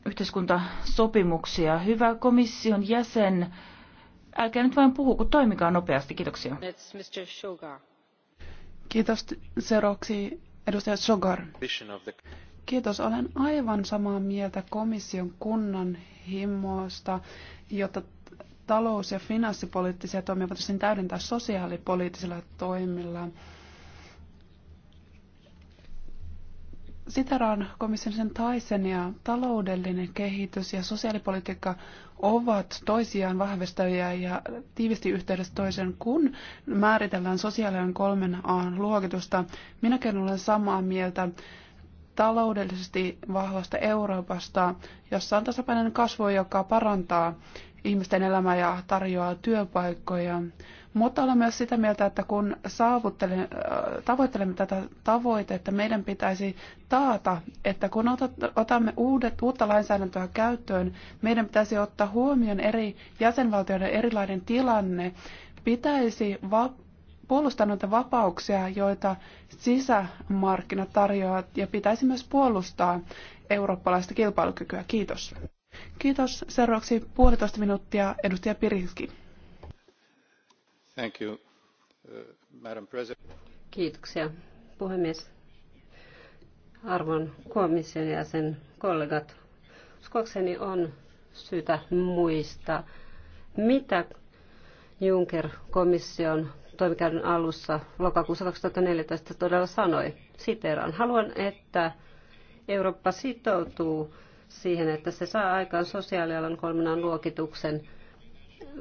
yhteiskuntasopimuksia. Hyvä komission jäsen, älkää nyt vain puhu, kun toimikaa nopeasti. Kiitoksia. Kiitos seuraavaksi edustaja Sogar. Kiitos. Olen aivan samaa mieltä komission kunnan himmoista, jotta talous- ja finanssipoliittisia toimia voitaisiin täydentää sosiaalipoliittisilla toimilla. Siteraan komission sen Taisen ja taloudellinen kehitys ja sosiaalipolitiikka ovat toisiaan vahvistavia ja tiivisti yhteydessä toisen, kun määritellään sosiaalinen kolmen a luokitusta. Minäkin olen samaa mieltä taloudellisesti vahvasta Euroopasta, jossa on tasapainoinen kasvu, joka parantaa ihmisten elämää ja tarjoaa työpaikkoja. Mutta olen myös sitä mieltä, että kun äh, tavoittelemme tätä tavoitetta, meidän pitäisi taata, että kun otamme uudet, uutta lainsäädäntöä käyttöön, meidän pitäisi ottaa huomioon eri jäsenvaltioiden erilainen tilanne. Pitäisi va- puolustaa noita vapauksia, joita sisämarkkina tarjoaa, ja pitäisi myös puolustaa eurooppalaista kilpailukykyä. Kiitos. Kiitos. Seuraavaksi puolitoista minuuttia edustaja Pirinski. Thank you, uh, Madam President. Kiitoksia, puhemies. Arvon komission ja sen kollegat, uskokseni on syytä muistaa, mitä Juncker-komission toimikäyden alussa lokakuussa 2014 todella sanoi. Siteeraan. Haluan, että Eurooppa sitoutuu siihen, että se saa aikaan sosiaalialan kolmenan luokituksen,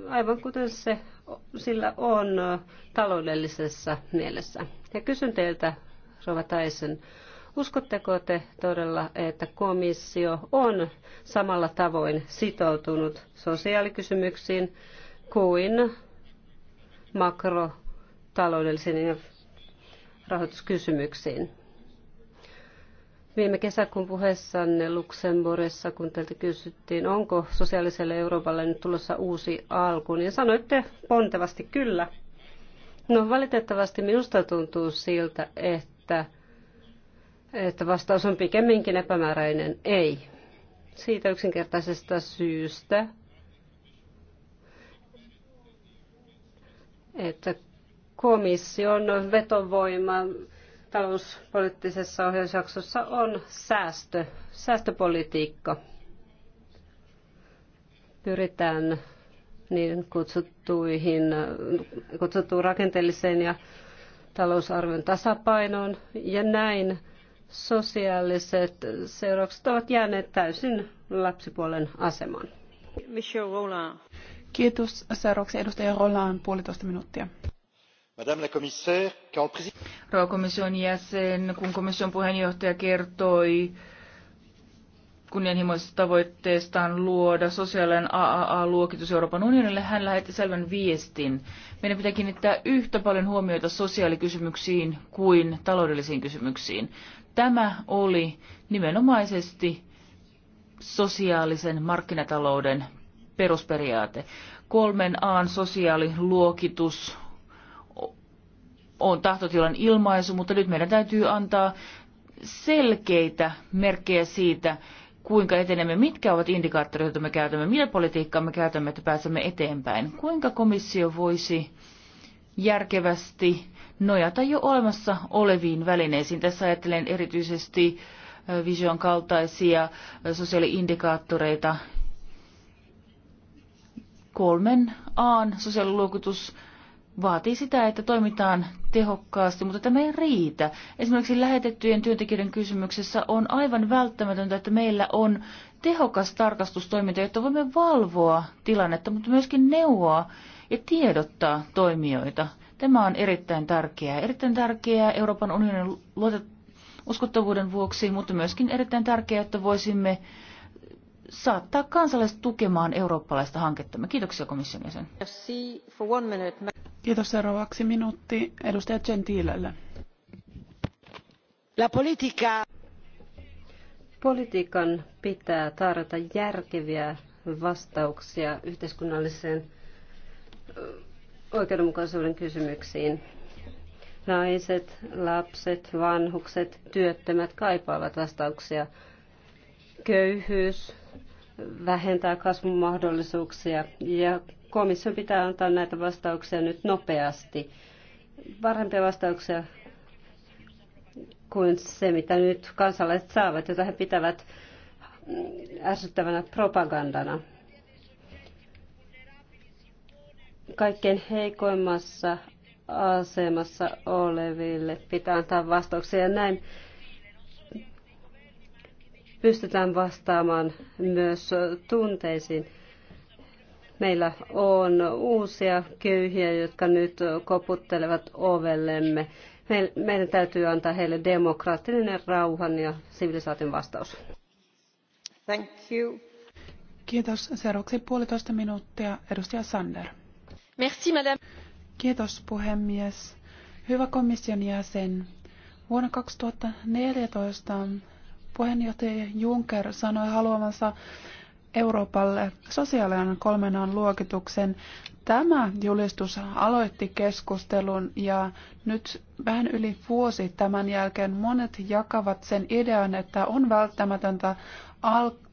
aivan kuten se sillä on taloudellisessa mielessä. Ja kysyn teiltä, Rova Taisen, uskotteko te todella, että komissio on samalla tavoin sitoutunut sosiaalikysymyksiin kuin makrotaloudellisiin ja rahoituskysymyksiin? Viime kesäkuun puheessanne Luxemburgissa, kun teiltä kysyttiin, onko sosiaaliselle Euroopalle nyt tulossa uusi alku, niin sanoitte pontevasti kyllä. No valitettavasti minusta tuntuu siltä, että, että vastaus on pikemminkin epämääräinen ei. Siitä yksinkertaisesta syystä, että komission vetovoima talouspoliittisessa ohjausjaksossa on säästö, säästöpolitiikka. Pyritään niin kutsuttuihin, kutsuttuun rakenteelliseen ja talousarvion tasapainoon ja näin sosiaaliset seuraukset ovat jääneet täysin lapsipuolen asemaan. Kiitos. Seuraavaksi edustaja Roland puolitoista minuuttia rouva komission jäsen kun komission puheenjohtaja kertoi kunnianhimoisesta tavoitteestaan luoda sosiaalinen aaa luokitus euroopan unionille hän lähetti selvän viestin meidän pitää kiinnittää yhtä paljon huomiota sosiaalikysymyksiin kuin taloudellisiin kysymyksiin. tämä oli nimenomaisesti sosiaalisen markkinatalouden perusperiaate. kolmen an sosiaaliluokitus on tahtotilan ilmaisu, mutta nyt meidän täytyy antaa selkeitä merkkejä siitä, kuinka etenemme, mitkä ovat indikaattorit, joita me käytämme, millä politiikkaa me käytämme, että pääsemme eteenpäin. Kuinka komissio voisi järkevästi nojata jo olemassa oleviin välineisiin. Tässä ajattelen erityisesti vision kaltaisia sosiaaliindikaattoreita, kolmen Aan sosiaaliluokitus vaatii sitä, että toimitaan tehokkaasti, mutta tämä ei riitä. Esimerkiksi lähetettyjen työntekijöiden kysymyksessä on aivan välttämätöntä, että meillä on tehokas tarkastustoiminta, jotta voimme valvoa tilannetta, mutta myöskin neuvoa ja tiedottaa toimijoita. Tämä on erittäin tärkeää. Erittäin tärkeää Euroopan unionin luotettavuuden uskottavuuden vuoksi, mutta myöskin erittäin tärkeää, että voisimme saattaa kansalaiset tukemaan eurooppalaista hankettamme. Kiitoksia komission jäsen. Kiitos seuraavaksi minuutti edustaja Gentilelle. La politica. Politiikan pitää tarjota järkeviä vastauksia yhteiskunnalliseen oikeudenmukaisuuden kysymyksiin. Naiset, lapset, vanhukset, työttömät kaipaavat vastauksia. Köyhyys, vähentää kasvun mahdollisuuksia ja komission pitää antaa näitä vastauksia nyt nopeasti. Parempia vastauksia kuin se, mitä nyt kansalaiset saavat, jota he pitävät ärsyttävänä propagandana. Kaikkein heikoimmassa asemassa oleville pitää antaa vastauksia näin pystytään vastaamaan myös tunteisiin. Meillä on uusia köyhiä, jotka nyt koputtelevat ovellemme. Meidän täytyy antaa heille demokraattinen rauhan ja sivilisaation vastaus. Thank you. Kiitos. Seuraavaksi puolitoista minuuttia edustaja Sander. Merci, madame. Kiitos puhemies. Hyvä komission jäsen. Vuonna 2014 Puheenjohtaja Juncker sanoi haluavansa Euroopalle sosiaalialan kolmenaan luokituksen. Tämä julistus aloitti keskustelun ja nyt vähän yli vuosi tämän jälkeen monet jakavat sen idean, että on välttämätöntä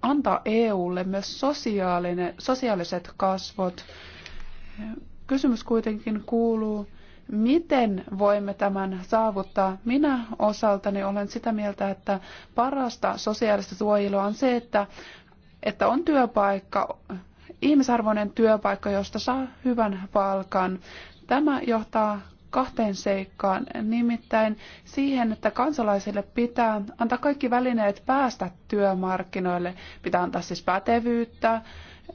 antaa EUlle myös sosiaalinen, sosiaaliset kasvot. Kysymys kuitenkin kuuluu, Miten voimme tämän saavuttaa? Minä osaltani olen sitä mieltä, että parasta sosiaalista suojelua on se, että, että on työpaikka, ihmisarvoinen työpaikka, josta saa hyvän palkan. Tämä johtaa kahteen seikkaan, nimittäin siihen, että kansalaisille pitää antaa kaikki välineet päästä työmarkkinoille. Pitää antaa siis pätevyyttä,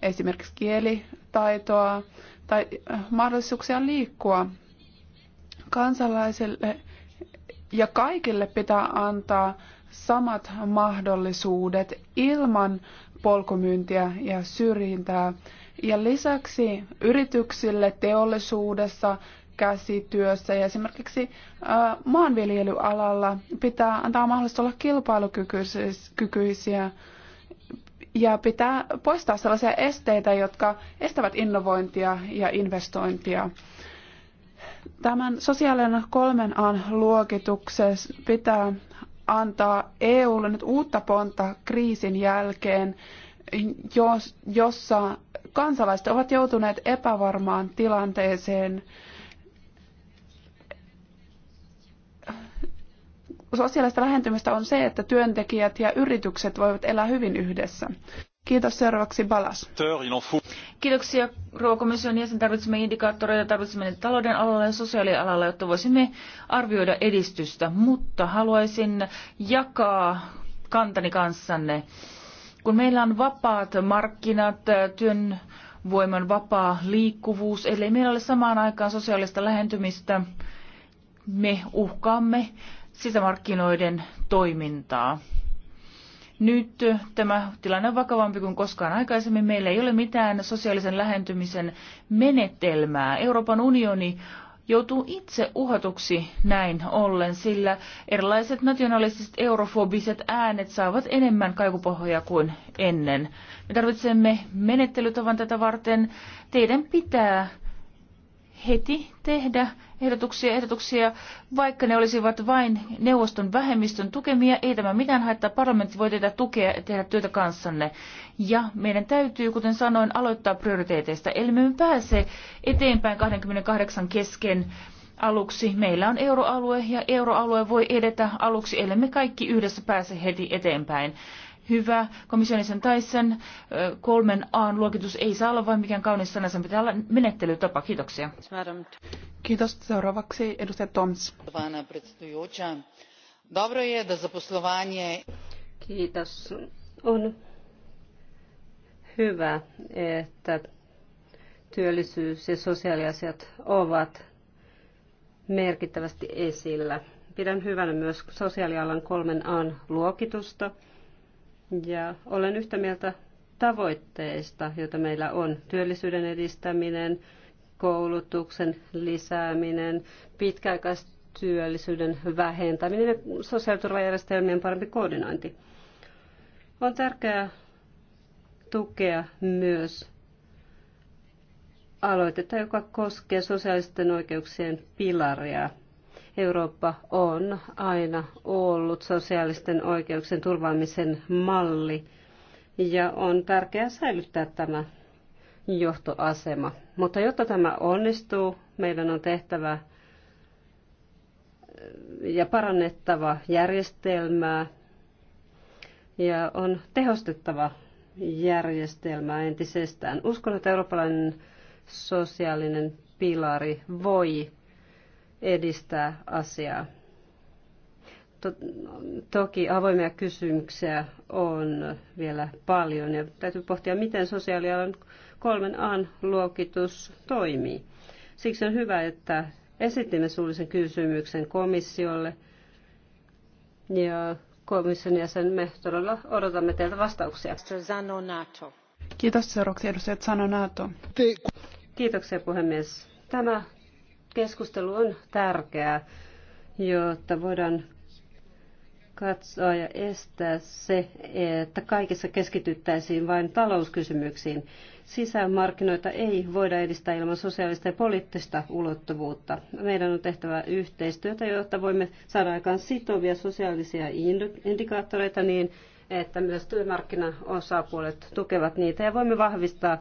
esimerkiksi kielitaitoa tai mahdollisuuksia liikkua kansalaisille ja kaikille pitää antaa samat mahdollisuudet ilman polkumyyntiä ja syrjintää. Ja lisäksi yrityksille teollisuudessa, käsityössä ja esimerkiksi maanviljelyalalla pitää antaa mahdollisuus olla kilpailukykyisiä ja pitää poistaa sellaisia esteitä, jotka estävät innovointia ja investointia. Tämän sosiaalinen kolmen an luokituksen pitää antaa EUlle nyt uutta pontta kriisin jälkeen, jos, jossa kansalaiset ovat joutuneet epävarmaan tilanteeseen. Sosiaalista lähentymistä on se, että työntekijät ja yritykset voivat elää hyvin yhdessä. Kiitos seuraavaksi Balas. Kiitoksia ruokomission jäsen. Tarvitsemme indikaattoreita, tarvitsemme talouden alalla ja sosiaalialalla, jotta voisimme arvioida edistystä. Mutta haluaisin jakaa kantani kanssanne. Kun meillä on vapaat markkinat, työn voiman vapaa liikkuvuus, eli meillä ole samaan aikaan sosiaalista lähentymistä, me uhkaamme sisämarkkinoiden toimintaa. Nyt tämä tilanne on vakavampi kuin koskaan aikaisemmin. Meillä ei ole mitään sosiaalisen lähentymisen menetelmää. Euroopan unioni joutuu itse uhatuksi näin ollen, sillä erilaiset nationalistiset eurofobiset äänet saavat enemmän kaikupohjaa kuin ennen. Me tarvitsemme menettelytavan tätä varten. Teidän pitää heti tehdä ehdotuksia, ehdotuksia, vaikka ne olisivat vain neuvoston vähemmistön tukemia. Ei tämä mitään haittaa. Parlamentti voi teitä tukea ja tehdä työtä kanssanne. Ja meidän täytyy, kuten sanoin, aloittaa prioriteeteista. Eli me pääse eteenpäin 28 kesken aluksi. Meillä on euroalue ja euroalue voi edetä aluksi, ellei me kaikki yhdessä pääse heti eteenpäin hyvä. Komission sen Tyson, kolmen A-luokitus ei saa olla vain mikään kaunis sana, sen pitää olla menettelytapa. Kiitoksia. Kiitos. Seuraavaksi edustaja Toms. Kiitos. On hyvä, että työllisyys ja sosiaaliasiat ovat merkittävästi esillä. Pidän hyvänä myös sosiaalialan kolmen A luokitusta – ja olen yhtä mieltä tavoitteista, joita meillä on. Työllisyyden edistäminen, koulutuksen lisääminen, pitkäaikaistyöllisyyden vähentäminen ja sosiaaliturvajärjestelmien parempi koordinointi. On tärkeää tukea myös aloitetta, joka koskee sosiaalisten oikeuksien pilaria Eurooppa on aina ollut sosiaalisten oikeuksien turvaamisen malli ja on tärkeää säilyttää tämä johtoasema. Mutta jotta tämä onnistuu, meidän on tehtävä eh, ja parannettava järjestelmää ja on tehostettava järjestelmää entisestään. Uskon, että eurooppalainen sosiaalinen pilari voi edistää asiaa. Toki avoimia kysymyksiä on vielä paljon ja täytyy pohtia, miten sosiaalialan kolmen an luokitus toimii. Siksi on hyvä, että esitimme suullisen kysymyksen komissiolle ja komission jäsen, me todella odotamme teiltä vastauksia. Kiitos seuraavaksi edustajat Sanonato. Kiitoksia puhemies. Tämä keskustelu on tärkeää, jotta voidaan katsoa ja estää se, että kaikessa keskityttäisiin vain talouskysymyksiin. Sisämarkkinoita ei voida edistää ilman sosiaalista ja poliittista ulottuvuutta. Meidän on tehtävä yhteistyötä, jotta voimme saada aikaan sitovia sosiaalisia indikaattoreita niin, että myös työmarkkinaosapuolet tukevat niitä ja voimme vahvistaa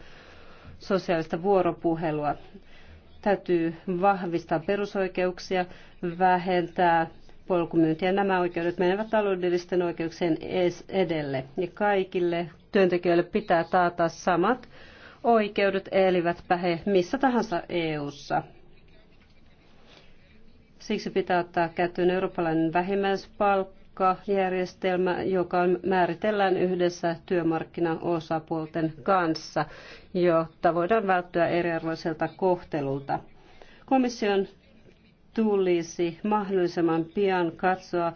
sosiaalista vuoropuhelua. Täytyy vahvistaa perusoikeuksia, vähentää polkumyyntiä. Nämä oikeudet menevät taloudellisten oikeuksien edelle. Ja kaikille työntekijöille pitää taata samat oikeudet, elivätpä he missä tahansa EU-ssa. Siksi pitää ottaa käyttöön eurooppalainen vähimmäispalkka palkkajärjestelmä, joka määritellään yhdessä työmarkkinaosapuolten kanssa, jotta voidaan välttyä eriarvoiselta kohtelulta. Komission tulisi mahdollisimman pian katsoa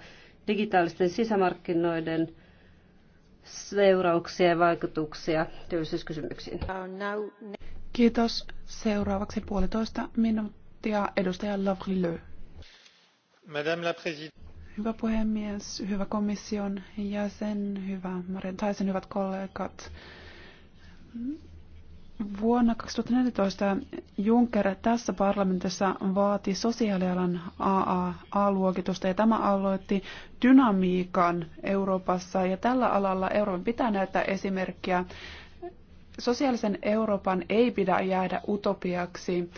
digitaalisten sisämarkkinoiden seurauksia ja vaikutuksia työllisyyskysymyksiin. Kiitos. Seuraavaksi puolitoista minuuttia edustaja Présidente. Hyvä puhemies, hyvä komission jäsen, hyvä Marin Taisen, hyvät kollegat. Vuonna 2014 Juncker tässä parlamentissa vaati sosiaalialan AAA-luokitusta ja tämä aloitti dynamiikan Euroopassa ja tällä alalla Euroopan pitää näyttää esimerkkiä. Sosiaalisen Euroopan ei pidä jäädä utopiaksi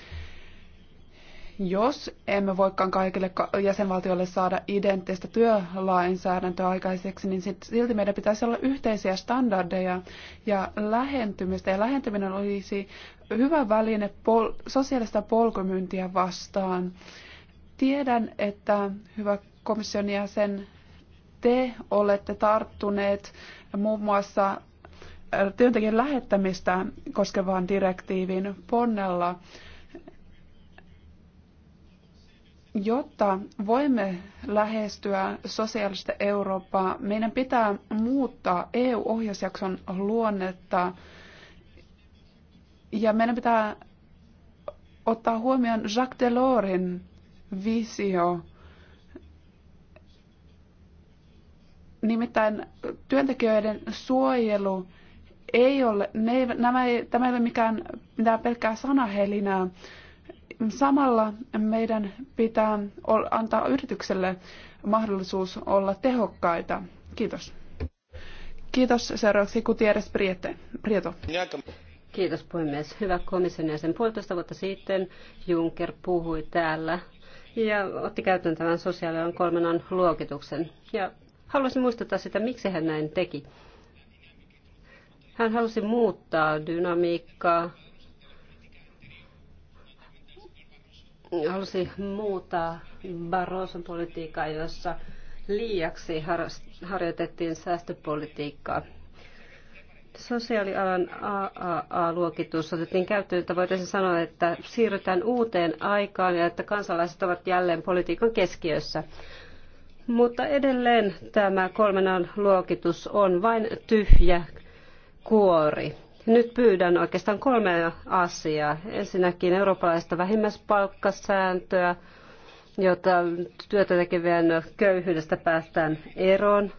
jos emme voikaan kaikille jäsenvaltioille saada identtistä työlainsäädäntöä aikaiseksi, niin sit, silti meidän pitäisi olla yhteisiä standardeja ja lähentymistä. Ja lähentyminen olisi hyvä väline pol- sosiaalista polkumyyntiä vastaan. Tiedän, että hyvä komission jäsen, te olette tarttuneet muun muassa äh, työntekijän lähettämistä koskevaan direktiivin ponnella. Jotta voimme lähestyä sosiaalista Eurooppaa, meidän pitää muuttaa EU-ohjausjakson luonnetta ja meidän pitää ottaa huomioon Jacques Delorsin visio. Nimittäin työntekijöiden suojelu ei ole, ne nämä ei, tämä ei ole mikään mitään pelkkää sanahelinää, Samalla meidän pitää antaa yritykselle mahdollisuus olla tehokkaita. Kiitos. Kiitos. Seuraavaksi Kutieres Prieto. Kiitos puhemies. Hyvä komission jäsen. Puolitoista vuotta sitten Juncker puhui täällä ja otti käyttöön tämän sosiaalialan kolmenan luokituksen. Ja haluaisin muistuttaa sitä, miksi hän näin teki. Hän halusi muuttaa dynamiikkaa, halusi muuttaa Barroson politiikkaa, jossa liiaksi harjoitettiin säästöpolitiikkaa. Sosiaalialan AAA-luokitus otettiin käyttöön, että voitaisiin sanoa, että siirrytään uuteen aikaan ja että kansalaiset ovat jälleen politiikan keskiössä. Mutta edelleen tämä kolmenan luokitus on vain tyhjä kuori. Nyt pyydän oikeastaan kolme asiaa. Ensinnäkin eurooppalaista vähimmäispalkkasääntöä, jota työtä tekevien köyhyydestä päästään eroon.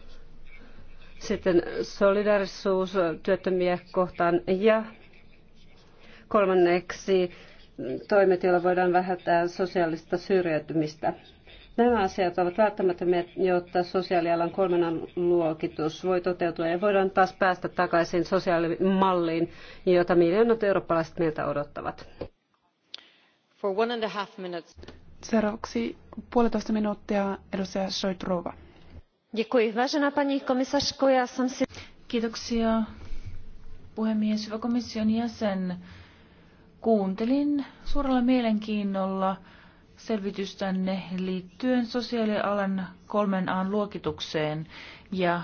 Sitten solidarisuus työttömiä kohtaan ja kolmanneksi toimet, joilla voidaan vähentää sosiaalista syrjäytymistä. Nämä asiat ovat välttämättömiä, jotta sosiaalialan kolmannen luokitus voi toteutua ja voidaan taas päästä takaisin sosiaalimalliin, jota miljoonat eurooppalaiset meiltä odottavat. For one and a half minutes. Seuraavaksi puolitoista minuuttia edustaja Soitrova. Kiitoksia puhemies, hyvä komission jäsen. Kuuntelin suurella mielenkiinnolla selvitystänne liittyen sosiaalialan kolmen an luokitukseen ja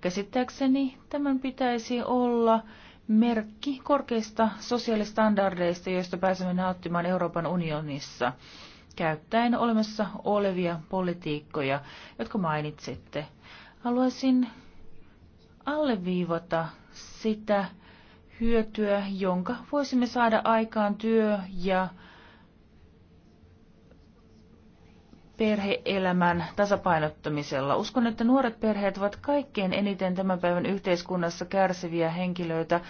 käsittääkseni tämän pitäisi olla merkki korkeista sosiaalistandardeista, joista pääsemme nauttimaan Euroopan unionissa käyttäen olemassa olevia politiikkoja, jotka mainitsitte. Haluaisin alleviivata sitä hyötyä, jonka voisimme saada aikaan työ- ja perheelämän tasapainottamisella. Uskon, että nuoret perheet ovat kaikkein eniten tämän päivän yhteiskunnassa kärsiviä henkilöitä.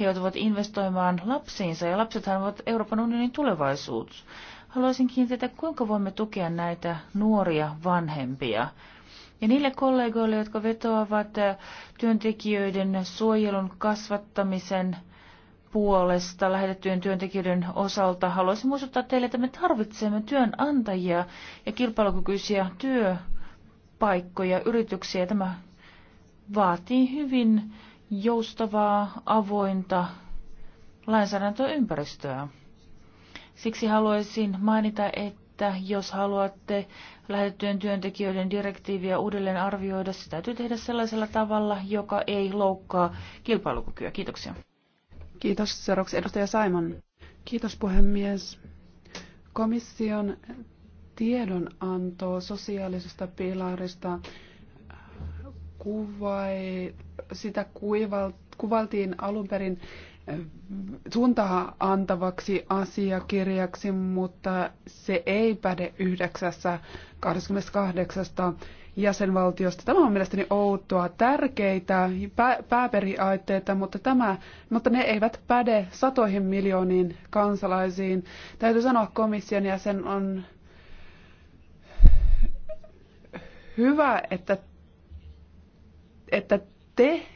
He joutuvat investoimaan lapsiinsa ja lapsethan ovat Euroopan unionin tulevaisuus. Haluaisin kiinnittää, kuinka voimme tukea näitä nuoria vanhempia. Ja niille kollegoille, jotka vetoavat työntekijöiden suojelun kasvattamisen puolesta lähetettyjen työntekijöiden osalta haluaisin muistuttaa teille, että me tarvitsemme työnantajia ja kilpailukykyisiä työpaikkoja, yrityksiä. Tämä vaatii hyvin joustavaa, avointa lainsäädäntöympäristöä. Siksi haluaisin mainita, että jos haluatte lähetettyjen työntekijöiden direktiiviä uudelleen arvioida, se täytyy tehdä sellaisella tavalla, joka ei loukkaa kilpailukykyä. Kiitoksia. Kiitos. Seuraavaksi edustaja Simon. Kiitos puhemies. Komission tiedonanto sosiaalisesta pilarista kuvai, sitä kuivalt, kuvaltiin alun perin suuntaa antavaksi asiakirjaksi, mutta se ei päde 9.28. jäsenvaltiosta. Tämä on mielestäni outoa, tärkeitä pääperiaatteita, mutta, tämä, mutta ne eivät päde satoihin miljooniin kansalaisiin. Täytyy sanoa, komission jäsen on hyvä, että, että te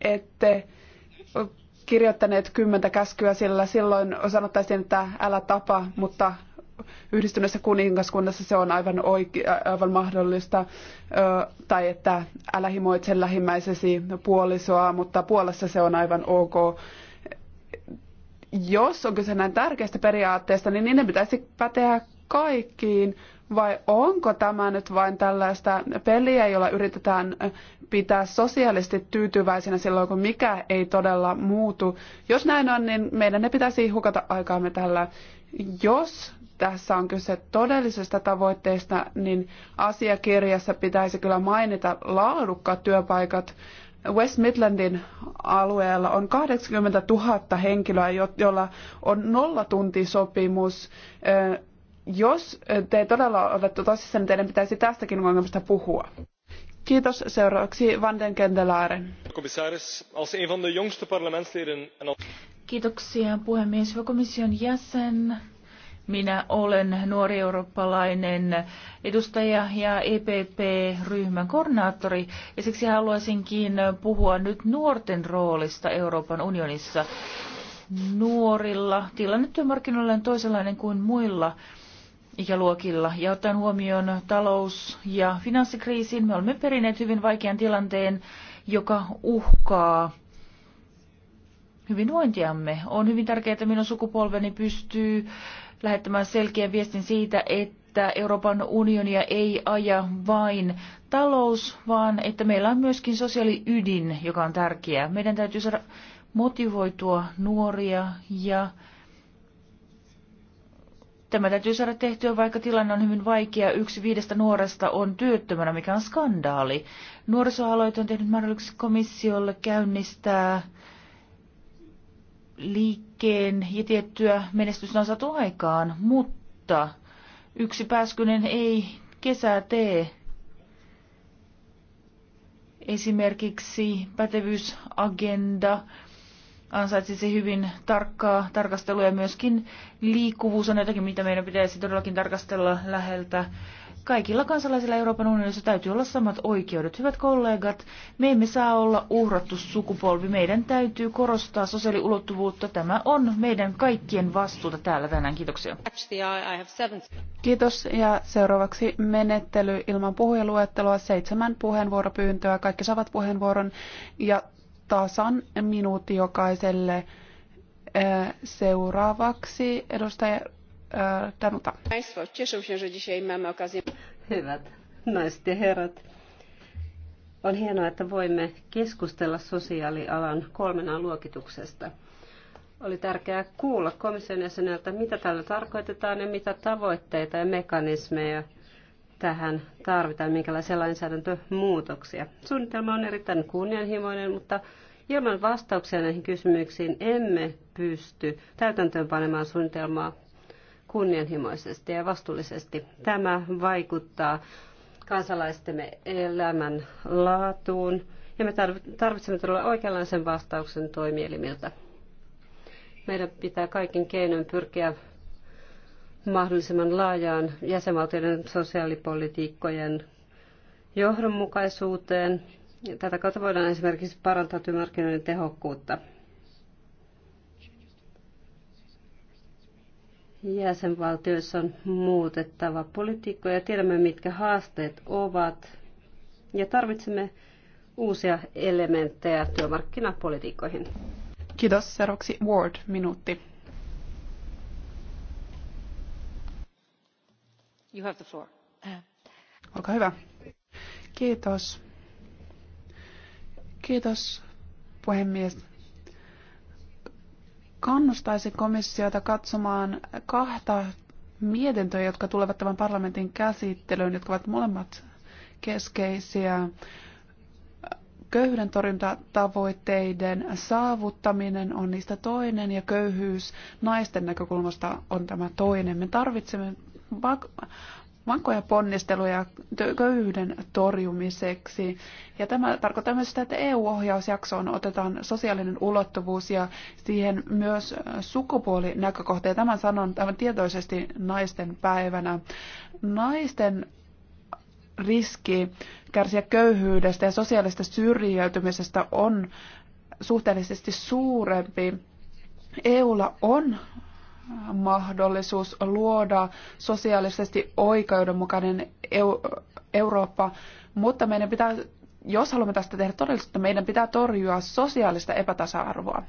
ette kirjoittaneet kymmentä käskyä, sillä silloin sanottaisiin, että älä tapa, mutta yhdistyneessä kuningaskunnassa se on aivan, oikea, aivan mahdollista, ö, tai että älä himoitse lähimmäisesi puolisoa, mutta Puolassa se on aivan ok. Jos on kyse näin tärkeästä periaatteesta, niin niiden pitäisi päteä kaikkiin vai onko tämä nyt vain tällaista peliä, jolla yritetään pitää sosiaalisesti tyytyväisinä silloin, kun mikä ei todella muutu. Jos näin on, niin meidän ne pitäisi hukata aikaamme tällä. Jos tässä on kyse todellisesta tavoitteesta, niin asiakirjassa pitäisi kyllä mainita laadukkaat työpaikat. West Midlandin alueella on 80 000 henkilöä, joilla on nollatuntisopimus. Jos eh, te todella olette tosissaan, niin teidän pitäisi tästäkin ongelmasta puhua. Kiitos. Seuraavaksi Van den Commissaris, als een van de jongste parlementsleden Kiitoksia puhemies. Hyvä komission jäsen. Minä olen nuori eurooppalainen edustaja ja EPP-ryhmän koordinaattori ja siksi haluaisinkin puhua nyt nuorten roolista Euroopan unionissa. Nuorilla tilanne työmarkkinoilla on toisenlainen kuin muilla ikäluokilla. Ja ottaen huomioon talous- ja finanssikriisin, me olemme perineet hyvin vaikean tilanteen, joka uhkaa hyvinvointiamme. On hyvin tärkeää, että minun sukupolveni pystyy lähettämään selkeän viestin siitä, että Euroopan unionia ei aja vain talous, vaan että meillä on myöskin sosiaaliydin, joka on tärkeää. Meidän täytyy saada motivoitua nuoria ja Tämä täytyy saada tehtyä, vaikka tilanne on hyvin vaikea. Yksi viidestä nuoresta on työttömänä, mikä on skandaali. Nuorisoaloite on tehnyt mahdolliseksi komissiolle käynnistää liikkeen ja tiettyä menestystä on saatu aikaan, mutta yksi pääskynen ei kesää tee. Esimerkiksi pätevyysagenda ansaitsisi hyvin tarkkaa tarkastelua ja myöskin liikkuvuus on jotakin, mitä meidän pitäisi todellakin tarkastella läheltä. Kaikilla kansalaisilla Euroopan unionissa täytyy olla samat oikeudet. Hyvät kollegat, me emme saa olla uhrattu sukupolvi. Meidän täytyy korostaa sosiaaliulottuvuutta. Tämä on meidän kaikkien vastuuta täällä tänään. Kiitoksia. Kiitos. Ja seuraavaksi menettely ilman puhujaluettelua. Seitsemän puheenvuoropyyntöä. Kaikki saavat puheenvuoron. Ja tasan minuutti jokaiselle. Seuraavaksi edustaja Danuta. Hyvät naiset ja herrat, on hienoa, että voimme keskustella sosiaalialan kolmena luokituksesta. Oli tärkeää kuulla komission jäseneltä, mitä tällä tarkoitetaan ja mitä tavoitteita ja mekanismeja tähän tarvitaan, minkälaisia lainsäädäntömuutoksia. Suunnitelma on erittäin kunnianhimoinen, mutta ilman vastauksia näihin kysymyksiin emme pysty täytäntöönpanemaan suunnitelmaa kunnianhimoisesti ja vastuullisesti. Tämä vaikuttaa kansalaistemme elämän laatuun ja me tarvitsemme todella oikeanlaisen vastauksen toimielimiltä. Meidän pitää kaikin keinoin pyrkiä mahdollisimman laajaan jäsenvaltioiden sosiaalipolitiikkojen johdonmukaisuuteen. Tätä kautta voidaan esimerkiksi parantaa työmarkkinoiden tehokkuutta. Jäsenvaltioissa on muutettava politiikkoja ja tiedämme, mitkä haasteet ovat. Ja tarvitsemme uusia elementtejä työmarkkinapolitiikkoihin. Kiitos. Seuraavaksi Ward, minuutti. You Olkaa hyvä. Kiitos. Kiitos, puhemies. Kannustaisin komissiota katsomaan kahta mietintöä, jotka tulevat tämän parlamentin käsittelyyn, jotka ovat molemmat keskeisiä. Köyhyyden torjuntatavoitteiden saavuttaminen on niistä toinen ja köyhyys naisten näkökulmasta on tämä toinen. Me tarvitsemme vankkoja ponnisteluja köyhyyden torjumiseksi. Ja tämä tarkoittaa myös sitä, että EU-ohjausjaksoon otetaan sosiaalinen ulottuvuus ja siihen myös sukupuolinäkökohta. Ja tämän sanon tämän tietoisesti naisten päivänä. Naisten riski kärsiä köyhyydestä ja sosiaalista syrjäytymisestä on suhteellisesti suurempi. EUlla on mahdollisuus luoda sosiaalisesti oikeudenmukainen Eurooppa, mutta meidän pitää, jos haluamme tästä tehdä todellisuutta, meidän pitää torjua sosiaalista epätasa-arvoa.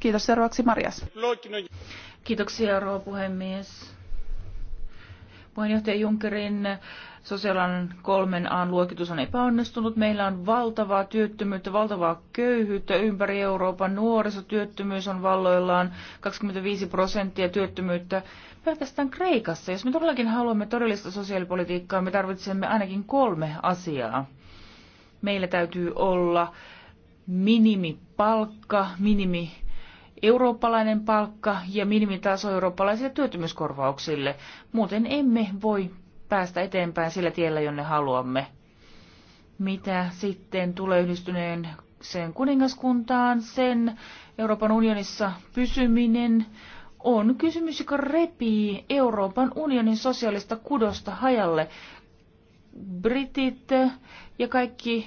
Kiitos seuraavaksi Marias. Kiitoksia rouva puhemies. Puheenjohtaja Junckerin sosiaalan kolmen aan luokitus on epäonnistunut. Meillä on valtavaa työttömyyttä, valtavaa köyhyyttä ympäri Euroopan. Nuorisotyöttömyys on valloillaan 25 prosenttia työttömyyttä pelkästään Kreikassa. Jos me todellakin haluamme todellista sosiaalipolitiikkaa, me tarvitsemme ainakin kolme asiaa. Meillä täytyy olla minimipalkka, minimi eurooppalainen palkka ja minimitaso eurooppalaisille työttömyyskorvauksille. Muuten emme voi päästä eteenpäin sillä tiellä, jonne haluamme. Mitä sitten tulee yhdistyneen sen kuningaskuntaan, sen Euroopan unionissa pysyminen on kysymys, joka repii Euroopan unionin sosiaalista kudosta hajalle. Britit ja kaikki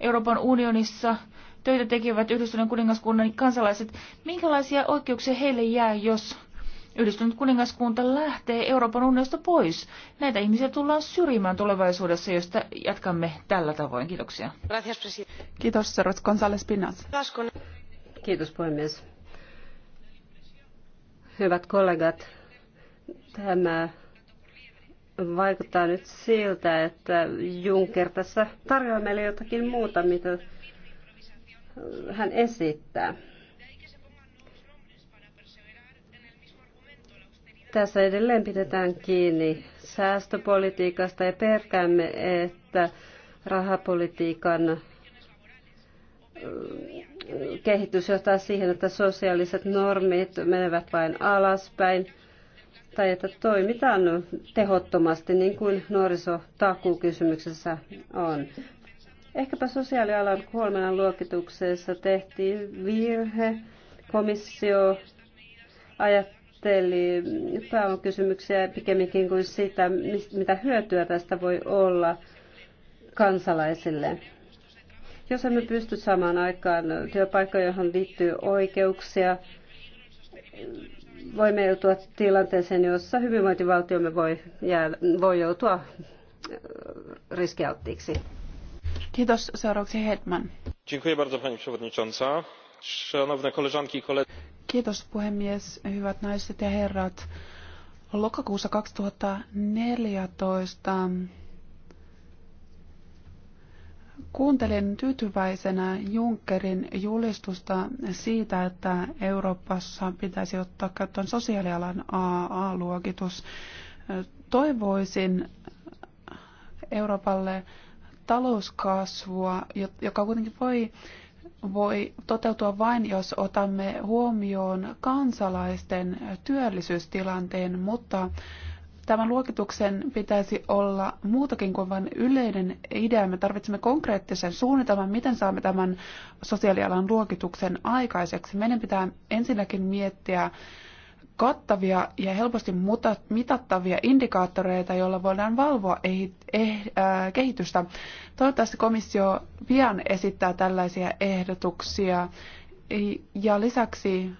Euroopan unionissa töitä tekevät yhdistyneen kuningaskunnan kansalaiset, minkälaisia oikeuksia heille jää, jos Yhdistynyt kuningaskunta lähtee Euroopan unionista pois. Näitä ihmisiä tullaan syrjimään tulevaisuudessa, josta jatkamme tällä tavoin. Kiitoksia. Kiitos, Sarot González Pinas. Kiitos, puhemies. Hyvät kollegat, tämä vaikuttaa nyt siltä, että Juncker tässä tarjoaa meille jotakin muuta, mitä hän esittää. Tässä edelleen pidetään kiinni säästöpolitiikasta ja pelkäämme, että rahapolitiikan kehitys johtaa siihen, että sosiaaliset normit menevät vain alaspäin tai että toimitaan tehottomasti, niin kuin nuorisotakuukysymyksessä on. Ehkäpä sosiaalialan kolmannen luokituksessa tehtiin virhe. Komissio ajatteli pääomakysymyksiä pikemminkin kuin sitä, mitä hyötyä tästä voi olla kansalaisille. Jos emme pysty samaan aikaan työpaikkoja, johon liittyy oikeuksia, voimme joutua tilanteeseen, jossa hyvinvointivaltiomme voi, jää, voi joutua riskialttiiksi. Kiitos. Seuraavaksi Hetman. Dziękuję bardzo, pani przewodnicząca. Szanowne koleżanki i koledzy. Kiitos puhemies, hyvät naiset ja herrat. Lokakuussa 2014 kuuntelin tyytyväisenä Junckerin julistusta siitä, että Euroopassa pitäisi ottaa käyttöön sosiaalialan AA-luokitus. Toivoisin Euroopalle talouskasvua, joka kuitenkin voi, voi toteutua vain, jos otamme huomioon kansalaisten työllisyystilanteen, mutta tämän luokituksen pitäisi olla muutakin kuin vain yleinen idea. Me tarvitsemme konkreettisen suunnitelman, miten saamme tämän sosiaalialan luokituksen aikaiseksi. Meidän pitää ensinnäkin miettiä kattavia ja helposti mitattavia indikaattoreita, joilla voidaan valvoa eh, äh, kehitystä. Toivottavasti komissio pian esittää tällaisia ehdotuksia. Ja lisäksi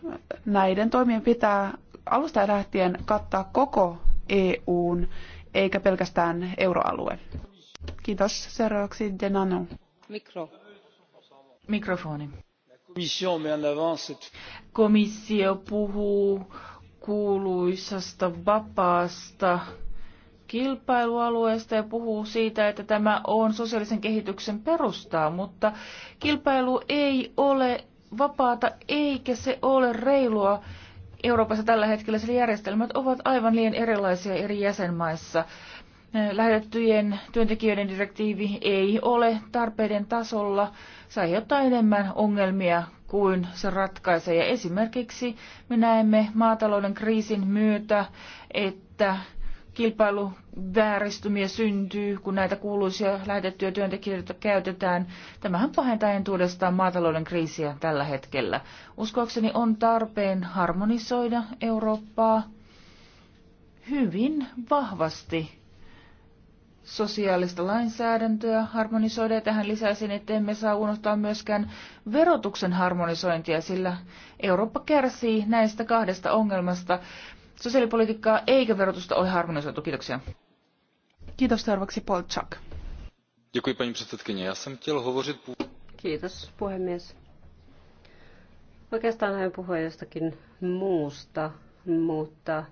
näiden toimien pitää alusta lähtien kattaa koko EUn, eikä pelkästään euroalue. Kiitos. Seuraavaksi Denano. Mikro. Mikrofoni. Komissio puhuu kuuluisasta vapaasta kilpailualueesta ja puhuu siitä, että tämä on sosiaalisen kehityksen perustaa, mutta kilpailu ei ole vapaata eikä se ole reilua. Euroopassa tällä hetkellä sillä järjestelmät ovat aivan liian erilaisia eri jäsenmaissa. Lähetettyjen työntekijöiden direktiivi ei ole tarpeiden tasolla. Se aiheuttaa enemmän ongelmia kuin se ratkaisee. Ja esimerkiksi me näemme maatalouden kriisin myötä, että kilpailuvääristymiä syntyy, kun näitä kuuluisia lähetettyjä työntekijöitä käytetään. Tämähän pahentaa entuudestaan maatalouden kriisiä tällä hetkellä. Uskoakseni on tarpeen harmonisoida Eurooppaa hyvin vahvasti sosiaalista lainsäädäntöä harmonisoida. tähän lisäisin, että emme saa unohtaa myöskään verotuksen harmonisointia, sillä Eurooppa kärsii näistä kahdesta ongelmasta. Sosiaalipolitiikkaa eikä verotusta ole harmonisoitu. Kiitoksia. Kiitos seuraavaksi Paul Chuck. Kiitos, puhemies. Oikeastaan hän puhui jostakin muusta, mutta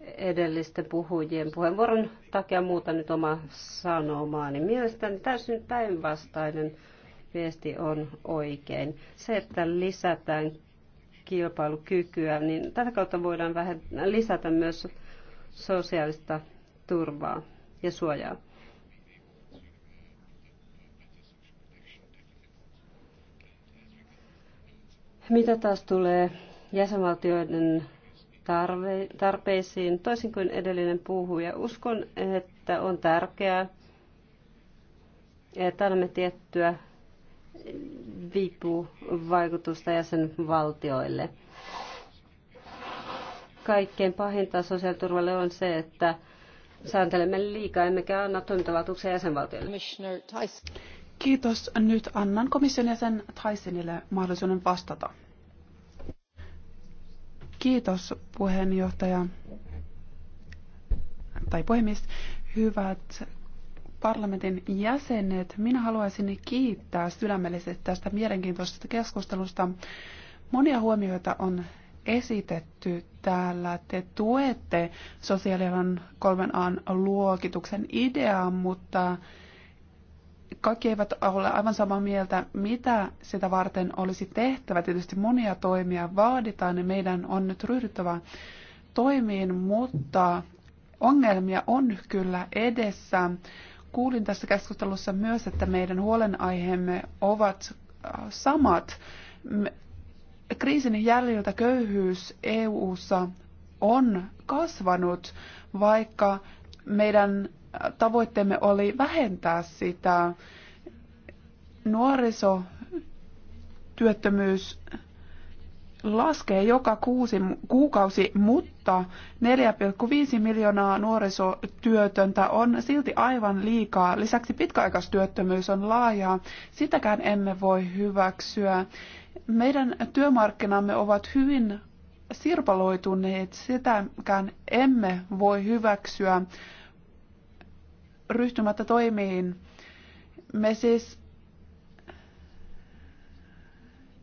edellisten puhujien puheenvuoron takia muuta nyt oma sanomaani. Niin mielestäni täysin päinvastainen viesti on oikein. Se, että lisätään kilpailukykyä, niin tätä kautta voidaan vähän lisätä myös sosiaalista turvaa ja suojaa. Mitä taas tulee jäsenvaltioiden tarve, tarpeisiin, toisin kuin edellinen puhuja. Uskon, että on tärkeää, että annamme tiettyä vipuvaikutusta jäsenvaltioille. Kaikkein pahinta sosiaaliturvalle on se, että sääntelemme liikaa emmekä anna toimintavaltuuksia jäsenvaltioille. Kiitos. Nyt annan komission jäsen Tysonille mahdollisuuden vastata Kiitos puheenjohtaja tai puhemies. Hyvät parlamentin jäsenet, minä haluaisin kiittää sydämellisesti tästä mielenkiintoisesta keskustelusta. Monia huomioita on esitetty täällä. Te tuette sosiaalialan kolmen A luokituksen ideaa, mutta kaikki eivät ole aivan samaa mieltä, mitä sitä varten olisi tehtävä. Tietysti monia toimia vaaditaan ja meidän on nyt ryhdyttävä toimiin, mutta ongelmia on kyllä edessä. Kuulin tässä keskustelussa myös, että meidän huolenaiheemme ovat äh, samat. Kriisin jäljiltä köyhyys EU:ssa on kasvanut, vaikka meidän tavoitteemme oli vähentää sitä. Nuorisotyöttömyys laskee joka kuusi, kuukausi, mutta 4,5 miljoonaa nuorisotyötöntä on silti aivan liikaa. Lisäksi pitkäaikaistyöttömyys on laajaa. Sitäkään emme voi hyväksyä. Meidän työmarkkinamme ovat hyvin sirpaloituneet. Sitäkään emme voi hyväksyä ryhtymättä toimiin. Me siis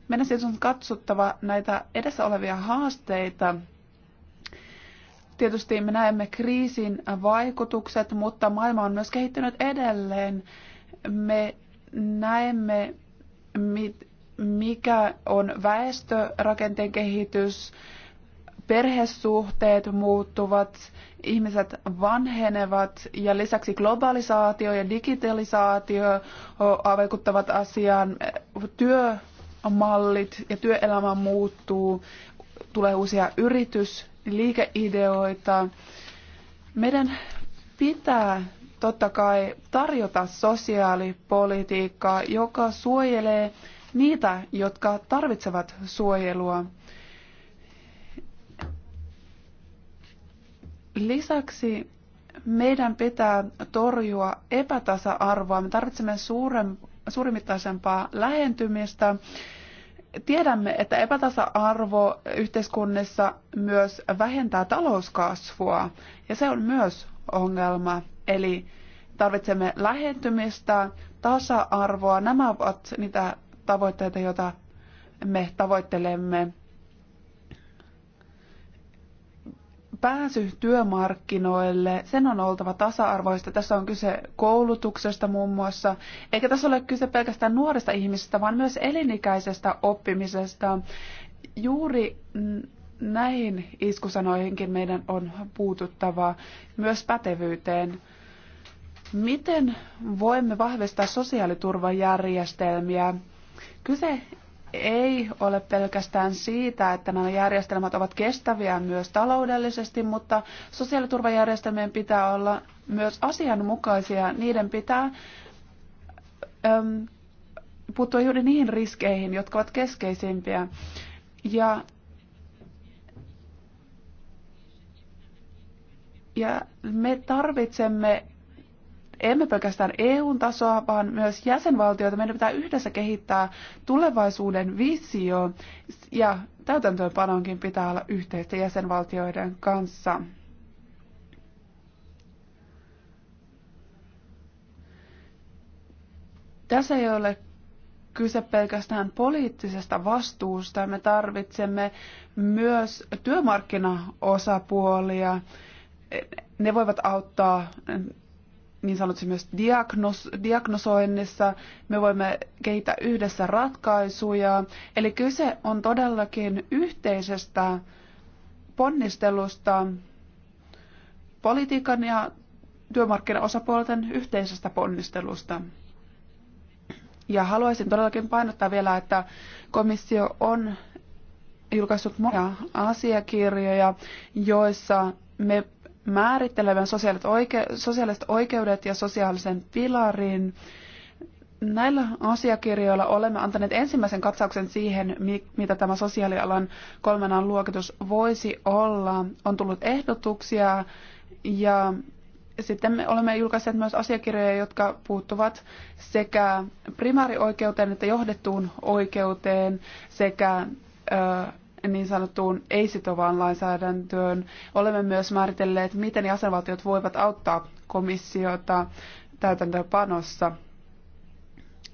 meidän siis on katsottava näitä edessä olevia haasteita. Tietysti me näemme kriisin vaikutukset, mutta maailma on myös kehittynyt edelleen. Me näemme, mikä on väestörakenteen kehitys, perhesuhteet muuttuvat, ihmiset vanhenevat ja lisäksi globalisaatio ja digitalisaatio vaikuttavat asiaan. Työmallit ja työelämä muuttuu, tulee uusia yritys, liikeideoita. Meidän pitää totta kai tarjota sosiaalipolitiikkaa, joka suojelee niitä, jotka tarvitsevat suojelua. Lisäksi meidän pitää torjua epätasa-arvoa. Me tarvitsemme suuren, suurimittaisempaa lähentymistä. Tiedämme, että epätasa-arvo yhteiskunnissa myös vähentää talouskasvua, ja se on myös ongelma. Eli tarvitsemme lähentymistä, tasa-arvoa. Nämä ovat niitä tavoitteita, joita me tavoittelemme pääsy työmarkkinoille, sen on oltava tasa-arvoista. Tässä on kyse koulutuksesta muun muassa, eikä tässä ole kyse pelkästään nuorista ihmisistä, vaan myös elinikäisestä oppimisesta. Juuri näihin iskusanoihinkin meidän on puututtava, myös pätevyyteen. Miten voimme vahvistaa sosiaaliturvajärjestelmiä? Kyse ei ole pelkästään siitä, että nämä järjestelmät ovat kestäviä myös taloudellisesti, mutta sosiaaliturvajärjestelmien pitää olla myös asianmukaisia. Niiden pitää äm, puuttua juuri niihin riskeihin, jotka ovat keskeisimpiä. Ja, ja me tarvitsemme emme pelkästään EU-tasoa, vaan myös jäsenvaltioita. Meidän pitää yhdessä kehittää tulevaisuuden visio ja täytäntöönpanonkin pitää olla yhteistä jäsenvaltioiden kanssa. Tässä ei ole kyse pelkästään poliittisesta vastuusta. Me tarvitsemme myös työmarkkinaosapuolia. Ne voivat auttaa niin sanotusti myös diagnos, diagnosoinnissa. Me voimme kehittää yhdessä ratkaisuja. Eli kyse on todellakin yhteisestä ponnistelusta, politiikan ja työmarkkinaosapuolten yhteisestä ponnistelusta. Ja haluaisin todellakin painottaa vielä, että komissio on julkaissut monia asiakirjoja, joissa me määrittelevän sosiaaliset, oike- sosiaaliset oikeudet ja sosiaalisen pilarin. Näillä asiakirjoilla olemme antaneet ensimmäisen katsauksen siihen, mitä tämä sosiaalialan kolmenaan luokitus voisi olla. On tullut ehdotuksia ja sitten me olemme julkaisseet myös asiakirjoja, jotka puuttuvat sekä primäärioikeuteen että johdettuun oikeuteen sekä ö, niin sanottuun ei-sitovaan lainsäädäntöön. Olemme myös määritelleet, miten jäsenvaltiot voivat auttaa komissiota täytäntöönpanossa.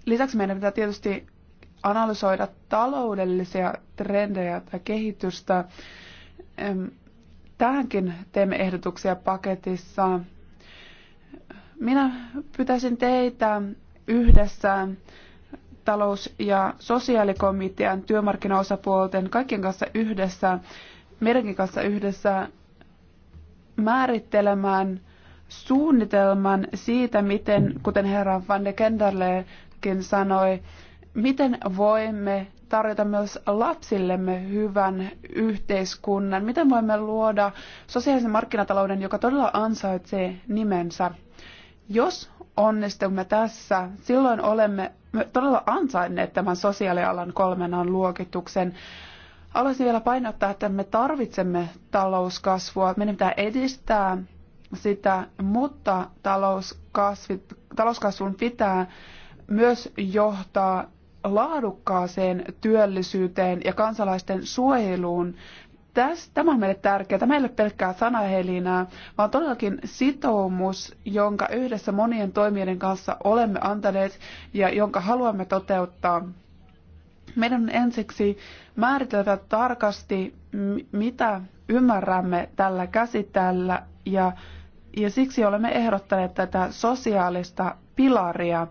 Lisäksi meidän pitää tietysti analysoida taloudellisia trendejä tai kehitystä. Tähänkin teemme ehdotuksia paketissa. Minä pyytäisin teitä yhdessä talous- ja sosiaalikomitean, työmarkkinaosapuolten, kaikkien kanssa yhdessä, meidänkin kanssa yhdessä määrittelemään suunnitelman siitä, miten, kuten herra Van de Kenderlekin sanoi, miten voimme tarjota myös lapsillemme hyvän yhteiskunnan, miten voimme luoda sosiaalisen markkinatalouden, joka todella ansaitsee nimensä. Jos onnistumme tässä, silloin olemme todella ansainneet tämän sosiaalialan kolmenan luokituksen. Haluaisin vielä painottaa, että me tarvitsemme talouskasvua. Meidän pitää edistää sitä, mutta talouskasvi, talouskasvun pitää myös johtaa laadukkaaseen työllisyyteen ja kansalaisten suojeluun. Täs, tämä on meille tärkeää. Tämä ei ole pelkkää sanahelinää, vaan todellakin sitoumus, jonka yhdessä monien toimijoiden kanssa olemme antaneet ja jonka haluamme toteuttaa. Meidän on ensiksi määriteltävä tarkasti, mitä ymmärrämme tällä käsitellä ja, ja siksi olemme ehdottaneet tätä sosiaalista pilaria.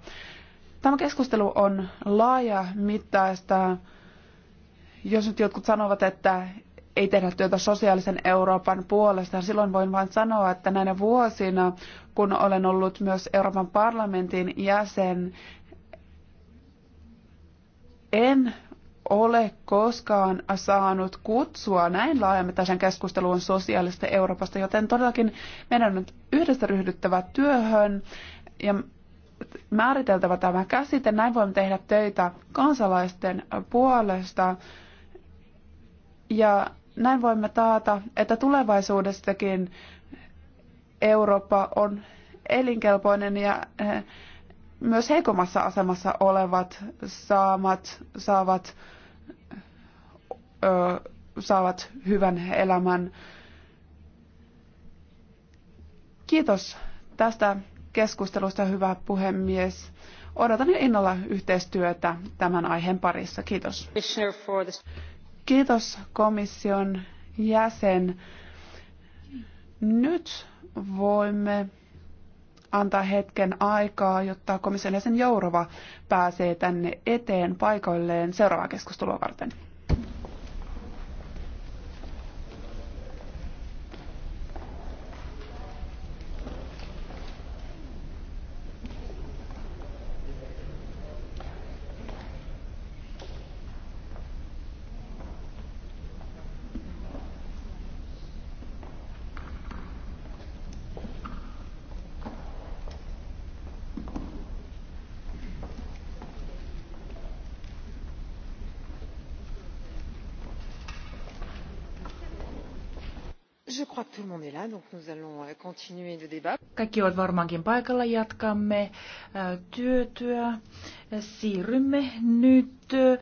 Tämä keskustelu on laaja mittaista. Jos nyt jotkut sanovat, että ei tehdä työtä sosiaalisen Euroopan puolesta. Silloin voin vain sanoa, että näinä vuosina, kun olen ollut myös Euroopan parlamentin jäsen, en ole koskaan saanut kutsua näin laajamittaisen keskusteluun sosiaalista Euroopasta, joten todellakin meidän on nyt yhdessä ryhdyttävä työhön ja määriteltävä tämä käsite. Näin voimme tehdä töitä kansalaisten puolesta. Ja näin voimme taata, että tulevaisuudestakin Eurooppa on elinkelpoinen ja eh, myös heikommassa asemassa olevat saamat, saavat, ö, saavat hyvän elämän. Kiitos tästä keskustelusta, hyvä puhemies. Odotan innolla yhteistyötä tämän aiheen parissa. Kiitos. Kiitos komission jäsen. Nyt voimme antaa hetken aikaa, jotta komission jäsen Jourova pääsee tänne eteen paikoilleen seuraavaa keskustelua varten. Euh, Kaikki ovat varmaankin paikalla. Jatkamme työtyä. Siirrymme nyt